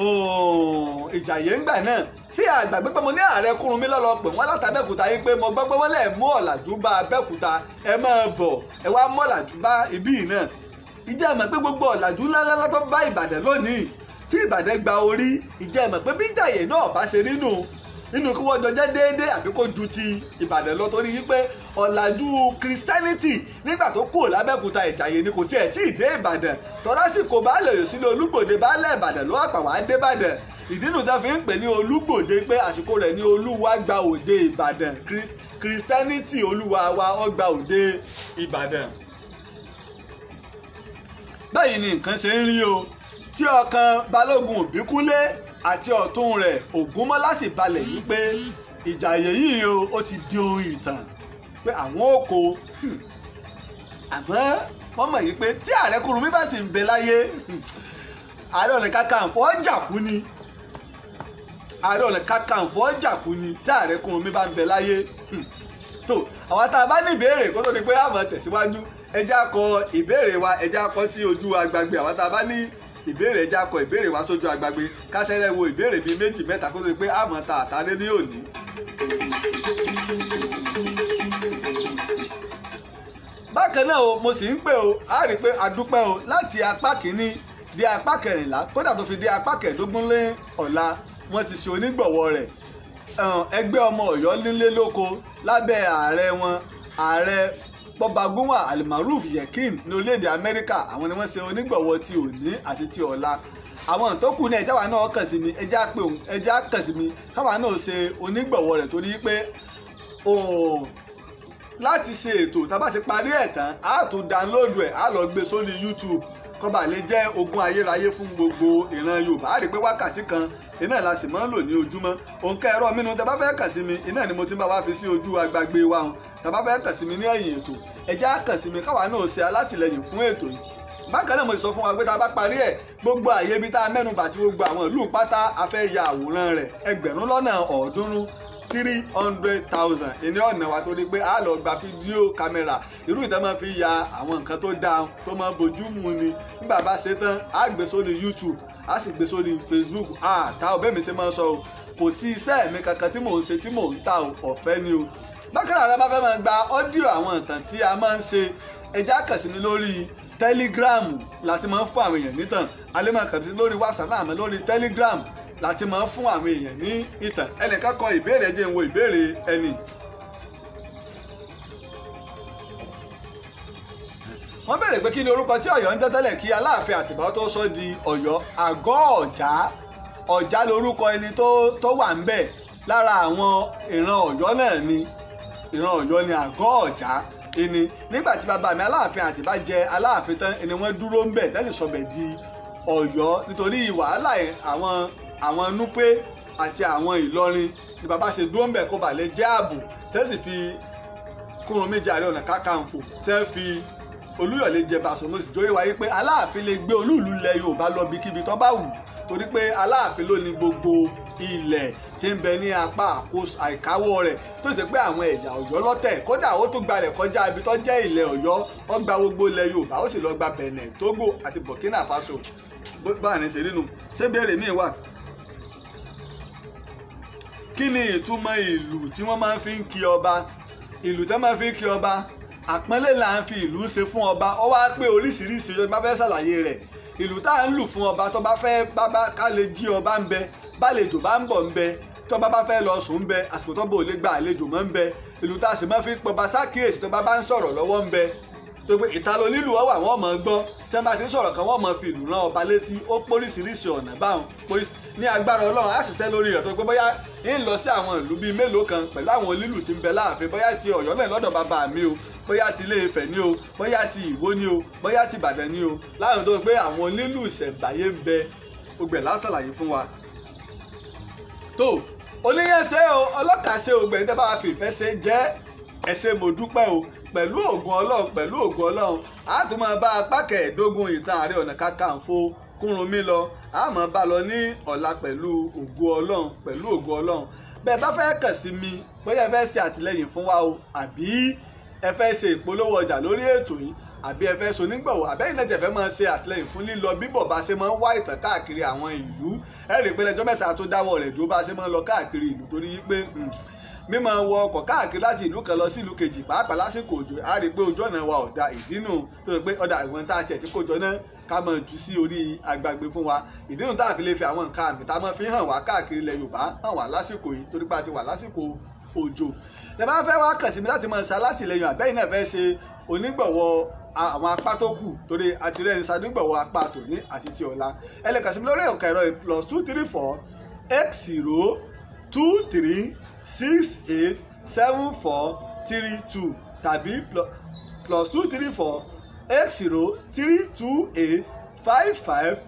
Ìjàyè ńgbà náà tí àgbàgbé pé mo ní ààrẹ Kúrúnmí lọ́lọ́ pè wọ́n látàbẹ́kúta yín pé mo gbọ́ pé wọ́n lè mú ọ̀làjú bá Abẹ́òkúta ẹ máa bọ̀ ẹ wá mú ọ̀làjú bá ibí náà ìjẹ́ àmọ́ pé gbogbo ọ̀làjú ńláńlá tó bá Ìbàdàn lónìí tí Ìbàdàn gba orí ìjẹ́ àmọ́ pé bí Ìjàyè náà bá ṣe nínú nínú kí wọ́n jọ jẹ́ déédé àbí kó ju ti ìbàdàn lọ torí wípé ọ̀làjú christianity nígbà tó kù lábẹ́kúta ìjàyè ni kò tiẹ̀ tí ì dé ìbàdàn tọ́lásìkò baálé òyò sílé olúgbòde baálé ìbàdàn ló wà pàwọ́ adébàdàn ìdínú tó fi ń pè ní olúgbòde pé àsìkò rẹ̀ ní olúwa gba òde ìbàdàn christianity olúwa wa ó gba òde ìbàdàn. báyìí ni nǹkan ṣe ń rí o tí ọkàn balógun òbíkúlé àti ọ̀tún rẹ̀ ògúnmọ́lá sì balẹ̀ wípé ìjàyè yìí o ó ti di ohun ìtàn pé àwọn ò kó hmm. àmọ́ wọ́n mọ̀ yìí pé tí ààrẹ Kúrúnmí bá sì ń bẹ láyé hmm, ààrẹ ọ̀nà kakanfò jàkú ni ààrẹ ọ̀nà kakanfò jàkú ni tí ààrẹ Kúrúnmí bá ń bẹ láyé hmm. tó àwọn tá a bá ní ìbéèrè kó tó di pé a tẹ̀síwájú ẹ já kọ ìbéèrè wa ẹ já kọ sí ojú agbègbè àwọn tá a bá ní ìbéèrè jákọ ìbéèrè wá sójú agbágbé kásẹ̀rẹ̀ wo ìbéèrè bíi méjì mẹ́ta kó tó di pé àmọ́ ta àtàlẹ́ ní òní. bákan náà o mo sì ń pè o a rí i pé a dúpẹ́ o láti apá kìíní di apá kẹrìnlá kódà tó fi di apá kẹẹ̀ẹ́dógún lé ọ̀la wọ́n ti ṣe onígbọ̀wọ́ rẹ̀ ẹgbẹ́ ọmọ ọ̀yọ́ nílé lóko lábẹ́ ààrẹ wọn ààrẹ bọ́ba gúnwà almaroof yekin ní orílẹ̀-èdè amẹ́ríkà àwọn ni wọ́n ṣe onígbọ̀wọ́ ti òní àti ti ọ̀la àwọn ìtọ́kù náà ẹ̀jáwa náà kàn sí mi ẹ̀já kàn sí mi káwa náà ṣe onígbọ̀wọ́ rẹ̀ torí pé láti ṣe ètò tá a bá ti parí ẹ̀ tán a tún download ẹ̀ a lọ gbé e sórí YouTube kọ́ba lè jẹ́ ogún ayérayé fún gbogbo ìran yorùbá a rí i pé wákàtí kan iná la sì máa ń lò ní ojúmọ́ òǹkà ẹ̀rọ mi nu tẹ́bá fẹ́ kàn sí mi iná ni mo ti ń bá wa fi sí ojú agbágbé wa hàn tẹ́bá fẹ́ kàn sí mi ní ẹ̀yìn ètò ẹ̀jẹ̀ á kàn sí mi káwa náà ṣe alátìlẹyìn fún ètò yìí bákan náà mo sọ fún wa pé tá a bá parí ẹ̀ gbogbo àyè ibi tá a mẹ́nu bàtí gbogbo àwọn ìlú pátá a ya àwòrán rẹ̀ ẹgbẹ̀rún lọ́nà ọ̀ọ́dúnrún three hundred thousand ìní ọ̀nà wa torí pé a lọ gba fídíò kámẹ́rà irú ìtàn máa fi ya àwọn nǹkan tó dáa tó máa bójú mu ni nígbà bá ṣe tán a gbé sórí YouTube a sì gbé sórí Facebook àtà ọbẹ̀ mi ṣe máa sọ o kò sí iṣẹ́ mi kankan tí mò ń ṣe tí mò ń ta ọ̀fẹ́ ni o bákan náà bá fẹ́ máa gba ọ́díò àwọn ìtàn tí a máa ń ṣe ẹja kàn sí mi lórí telegram láti máa ń fún àwọn èèyàn nítàn alẹ́ máa kàn sí lórí whatsapp náà àmọ́ lórí telegram láti máa fún àwọn èèyàn ní ìtàn ẹnìkan kọ ìbéèrè jẹ́ ń wo ìbéèrè ẹni. wọ́n béèrè pé kí ni orúkọ tí ọ̀yọ́ ń jẹ́ tẹ́lẹ̀ kí aláàfin àtìbá tó sọ di ọ̀yọ́ àgọ́ ọ̀já ọ̀já lorúkọ ẹni tó wà ń bẹ̀ lára àwọn ìran ọ̀yọ́ náà ni ìran ọ̀yọ́ ni àgọ́ ọ̀já ẹni nígbà tí bàbá mi aláàfin àtìbá jẹ aláàfin tán ẹni wọ́n dúró ń bẹ̀ tẹ́sí sọbẹ̀ di ọ̀yọ́ nítorí wàhálà àwọn àwọn Núpé àti àwọn Ìlọrin ni bàbá ṣe dúró ń bẹ̀ kó balẹ̀ jẹ́ ààbò tẹ́sí fi Kúrúnmí Ààrẹ Ọ̀nà Kakanfò tẹ́ fi Olúyọ̀lé jẹ bàṣọ mo sì jóyè wáyé pé Aláàfin lè gbé olúùlú ilẹ̀ Yorùbá lọ bíkíbi tó bá wù torí pé Aláàfin ló ní gbogbo ilẹ̀ tí ń bẹ ní apá àìkáwọ́ rẹ̀ tó ṣe pé àwọn ẹ̀yà Ọ̀yọ́ lọ́tẹ̀ kódà ó tún gbalẹ̀ kọjá ibi tó jẹ́ ilẹ̀ Ọ̀yọ́ ó gba gbogbo ilẹ̀ Yorùbá ó sì lọ gba Benin Togo àti Burkina Faso báyìí ṣe nínú ṣé béèrè míì wà kí ni ìtumọ̀ ìlù tí wọ́n máa ń fi ń kí ọba ìlù tí wọ́n máa fi ń kí ọba àpọ́nlé là ń fi ìlù ṣe fún ọba ó wá pé oríṣiríṣi ọba fẹ́ ṣàlàyé rẹ̀ ìlù tá à ń lù fún ọba tó bá fẹ́ bábá ká lè jí ọba ń bẹ bálejò bá ń bọ̀ ń bẹ tó bá bá fẹ́ lọ sùn ń bẹ àsìkò tó bò lè gba àlejò mọ́ ń bẹ ìlù tá a sì máa fi pọba sákìyèsí tó bá bá ń sọ̀rọ̀ lọ́wọ́ ń bẹ tó pé ìta ló nílùú ọwà wọn mọ̀ ọ́ gbọ́ tí wọ́n bá ti ń sọ̀rọ̀ kan wọ́n mọ̀ fi ìlú rán ọba létí ó póríṣiríṣi ọ̀nà báwọn ní agbára ọlọ́run á ṣiṣẹ́ lórí rẹ̀ tó pé bóyá ń lọ sí àwọn ìlú bíi mélòó kan pẹ̀lú àwọn onílù tí ń bẹ láàfin bóyá ti ọ̀yọ́ náà lọ́dọ̀ bàbá mi o bóyá ti ilé ifẹ̀ ni o bóyá ti ìwó ni o bóyá ti ìbàdàn ni o láwọn tó pé àwọn onílù ìṣẹ̀ǹbáyé ń bẹ ogbẹ̀ lásàlàyé fún wa. tó oníyẹ̀ṣẹ́ o ọlọ́kàṣe ogbẹ̀ ń tẹ́ bá wa fìfẹ́ ṣe jẹ́ ẹ ṣé mo dúpẹ́ o pẹ̀lú ògùn ọlọ́run pẹ̀lú ògùn ọlọ́run a tún máa bá apá kẹẹ̀ẹ́dógún ìtàn Ààrẹ Ọ̀nà Kakanfò Kúrunmí lọ a máa bá lọ ní ọ̀la pẹ̀lú ògùn ọlọ́run pẹ̀lú ògùn ọlọ́run bẹ́ẹ̀ bá fẹ́ kàn sí mi bóyá ẹ fẹ́ ṣe àtìlẹ́yìn fún wa o àbí ẹ fẹ́ ṣe ìpolówó ọjà lórí ètò yìí àbí ẹ fẹ́ sonígbọ̀wọ́ àbẹ́yìn náà tẹ̀fẹ́ máa ṣe àtìlẹyìn fún lílọ bíbọ̀ bá ṣe máa ń wá ìtàn káàkiri àwọn ìlú ẹ rí i pé lẹ́jọ́ mẹ́ta tó dáwọ́ rẹ̀ dúró bá ṣe máa ń lọ káàkiri ìlú torí pé hmm, mímọ wọ ọkọ̀ káàkiri láti ìlú kan lọ sí ìlú kejì pàápàá lásìkò òjò á rí i pé ojú ọ̀nà wa ò da ìdínú tó yẹ pé ọ̀dà ìwọ̀n tá a tiẹ̀ ti kó jọ náà ká mọ̀ jù sí orí agbègbè fún wa ìdínú tá a fi lè fi àwọn nǹkan àmì tá a mọ̀ fi hàn wá káàkiri ilẹ̀ Yorùbá hàn wá lásìkò yìí torí pé a ti wà lásìkò òjò ẹ bá fẹ́ wá kàn sí mi láti mọ̀ ṣá látìlẹyìn àbẹ́yìn náà fẹ́ ṣe onígbọ̀wọ́ àwọn apá tó kù torí àtìrẹ́ ní sadúgbọ̀wọ́ apá tòní àti ti ọ̀la ẹ lè kàn sí mi lórí ọ̀kà ẹ̀rọ plus two three four x zero two three six eight seven four three two tàbí plus two three four eight zero three two eight five five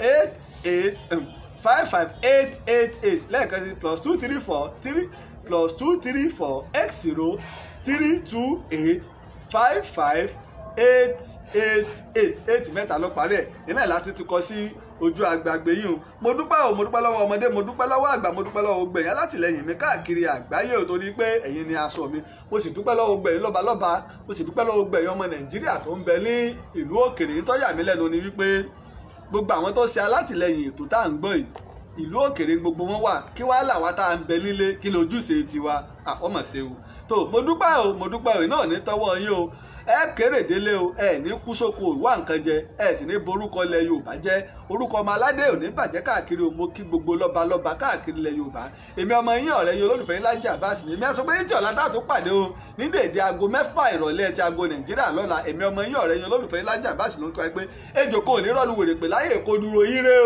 eight eight um, five five eight eight eight lẹ́ẹ̀kan sí plus two three four three plus two three four eight zero three two eight five five eight eight eight eight mẹ́ta ló parí ẹ̀ ìnáyìí láti tún kọ sí ojú àgbàgbé yìí o mo dúpẹ́ o mo dúpẹ́ lọ́wọ́ ọmọdé mo dúpẹ́ lọ́wọ́ àgbà mo dúpẹ́ lọ́wọ́ gbẹ̀yìn alátìlẹyìn mi káàkiri àgbáyé o torí pé ẹ̀yin ni aṣọ mi mo sì dúpẹ́ lọ́wọ́ gbẹ̀yìn lọ́balọ́ba mo sì dúpẹ́ lọ́wọ́ gbẹ̀yìn ọmọ nàìjíríà tó ń bẹ ní ìlú òkèrè nítọ́yà mi lẹ́nu ni wípé gbogbo àwọn tó ṣe alátìlẹyìn ètò tá à ń gbọ́ yìí ìlú òkèrè gbogbo wọn wà kí wàá là wá tá à ń bẹ nílé kí lójúṣe tiwa àkọ́mọ̀ṣe o tó mo dúpẹ́ o mo dúpẹ́ o náà ní tọ́wọ́ yín o ẹ kéré délé o ẹ ní kú sóko ìwà nǹkan jẹ ẹ sì ní borúkọ ilẹ̀ Yorùbá jẹ orúkọ ọmọ aládé ò ní bàjẹ́ káàkiri o mo kí gbogbo lọba lọba káàkiri ilẹ̀ Yorùbá èmi ọmọ yín ọ̀rẹ́ yín olólùfẹ́ yín Lájí Abbas ni mẹ́sàn pé tí pàdé o ní dèédé aago ti aago Nàìjíríà lọla èmi ọmọ yín ọrẹ yín olólùfẹ́ yín pé ejò kò ní ire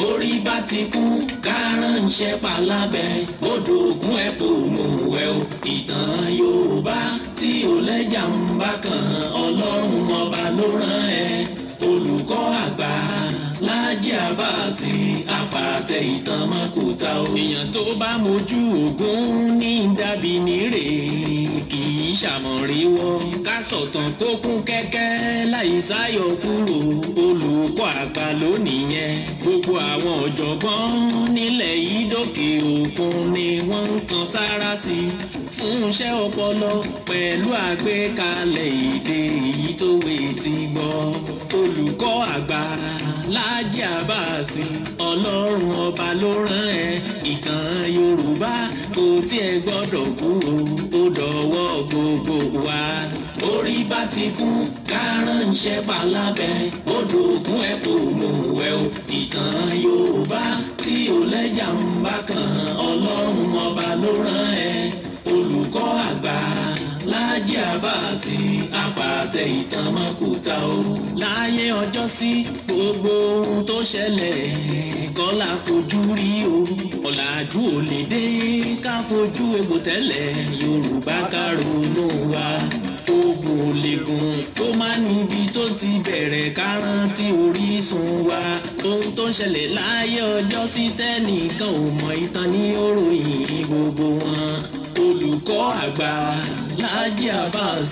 borí bá ti kú kárànṣẹ́ palábẹ́ odò ògùn ẹ̀ kò mú wẹ̀ o ìtàn Yorùbá tí ò lẹ́jà ń bá kan ọlọ́run ọba ló rán ẹ olùkọ́ àgbà. Abbas apàtẹ ìtàn mọ́kúta o. èèyàn tó bá mojú ogun ní dàbí nírè kì í ṣàmọ̀ríwọ́. ká sọ̀tàn kó kún kẹ́kẹ́ láì sáyọ kúrò olùkọ́ àgbà lónìí yẹn. gbogbo àwọn ọ̀jọ̀gbọ́n nílẹ̀ yìí dókè òkun ni wọ́n ń kan sára sí i fún iṣẹ́ ọpọlọ pẹ̀lú àgbékalẹ̀ èdè èyí tó wé ti gbọ́ olùkọ́ àgbà Láàjì bá a sìn ọlọ́run ọba ló rán ẹ ìtàn yorùbá kò tiẹ̀ gbọ́dọ̀ kúrò ó dọ̀wọ́ gbogbo wa orí bá ti kú kárànṣẹ́ bá lábẹ́ odò ògùn ẹ̀ kò mú ẹ o ìtàn yorùbá tí ò lẹ́jà ń bá kan ọlọ́run ọba ló rán ẹ olùkọ́ àgbà. Láàjì Àbáàsì àpàtẹ ìtàn mọ́kúta o. Láyé ọjọ́ sí gbogbo ohun tó ṣẹlẹ̀ kọ́ la fojú rí o. Ọ̀làjú ò lè dé ká fojú egbò tẹ́lẹ̀ Yorùbá ká ronú wa tó bòlégùn tó máa níbi tó ti bẹ̀rẹ̀ kárántí orísun wa ohun tó ń ṣẹlẹ̀ láyé ọjọ́ sí tẹ́nìkan ò mọ ìtàn ní òròyìn gbogbo wọn olùkọ́ àgbà Láàjì Abbas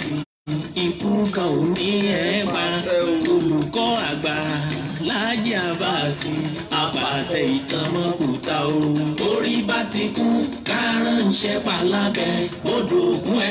ikú kan ò ní ẹ pa olùkọ́ àgbà Láàjì Abbas àpàtẹ ìtàn mọ́kùtà o orí bá ti kú kárànṣẹ́ pa lábẹ́ odò òkun ẹ̀.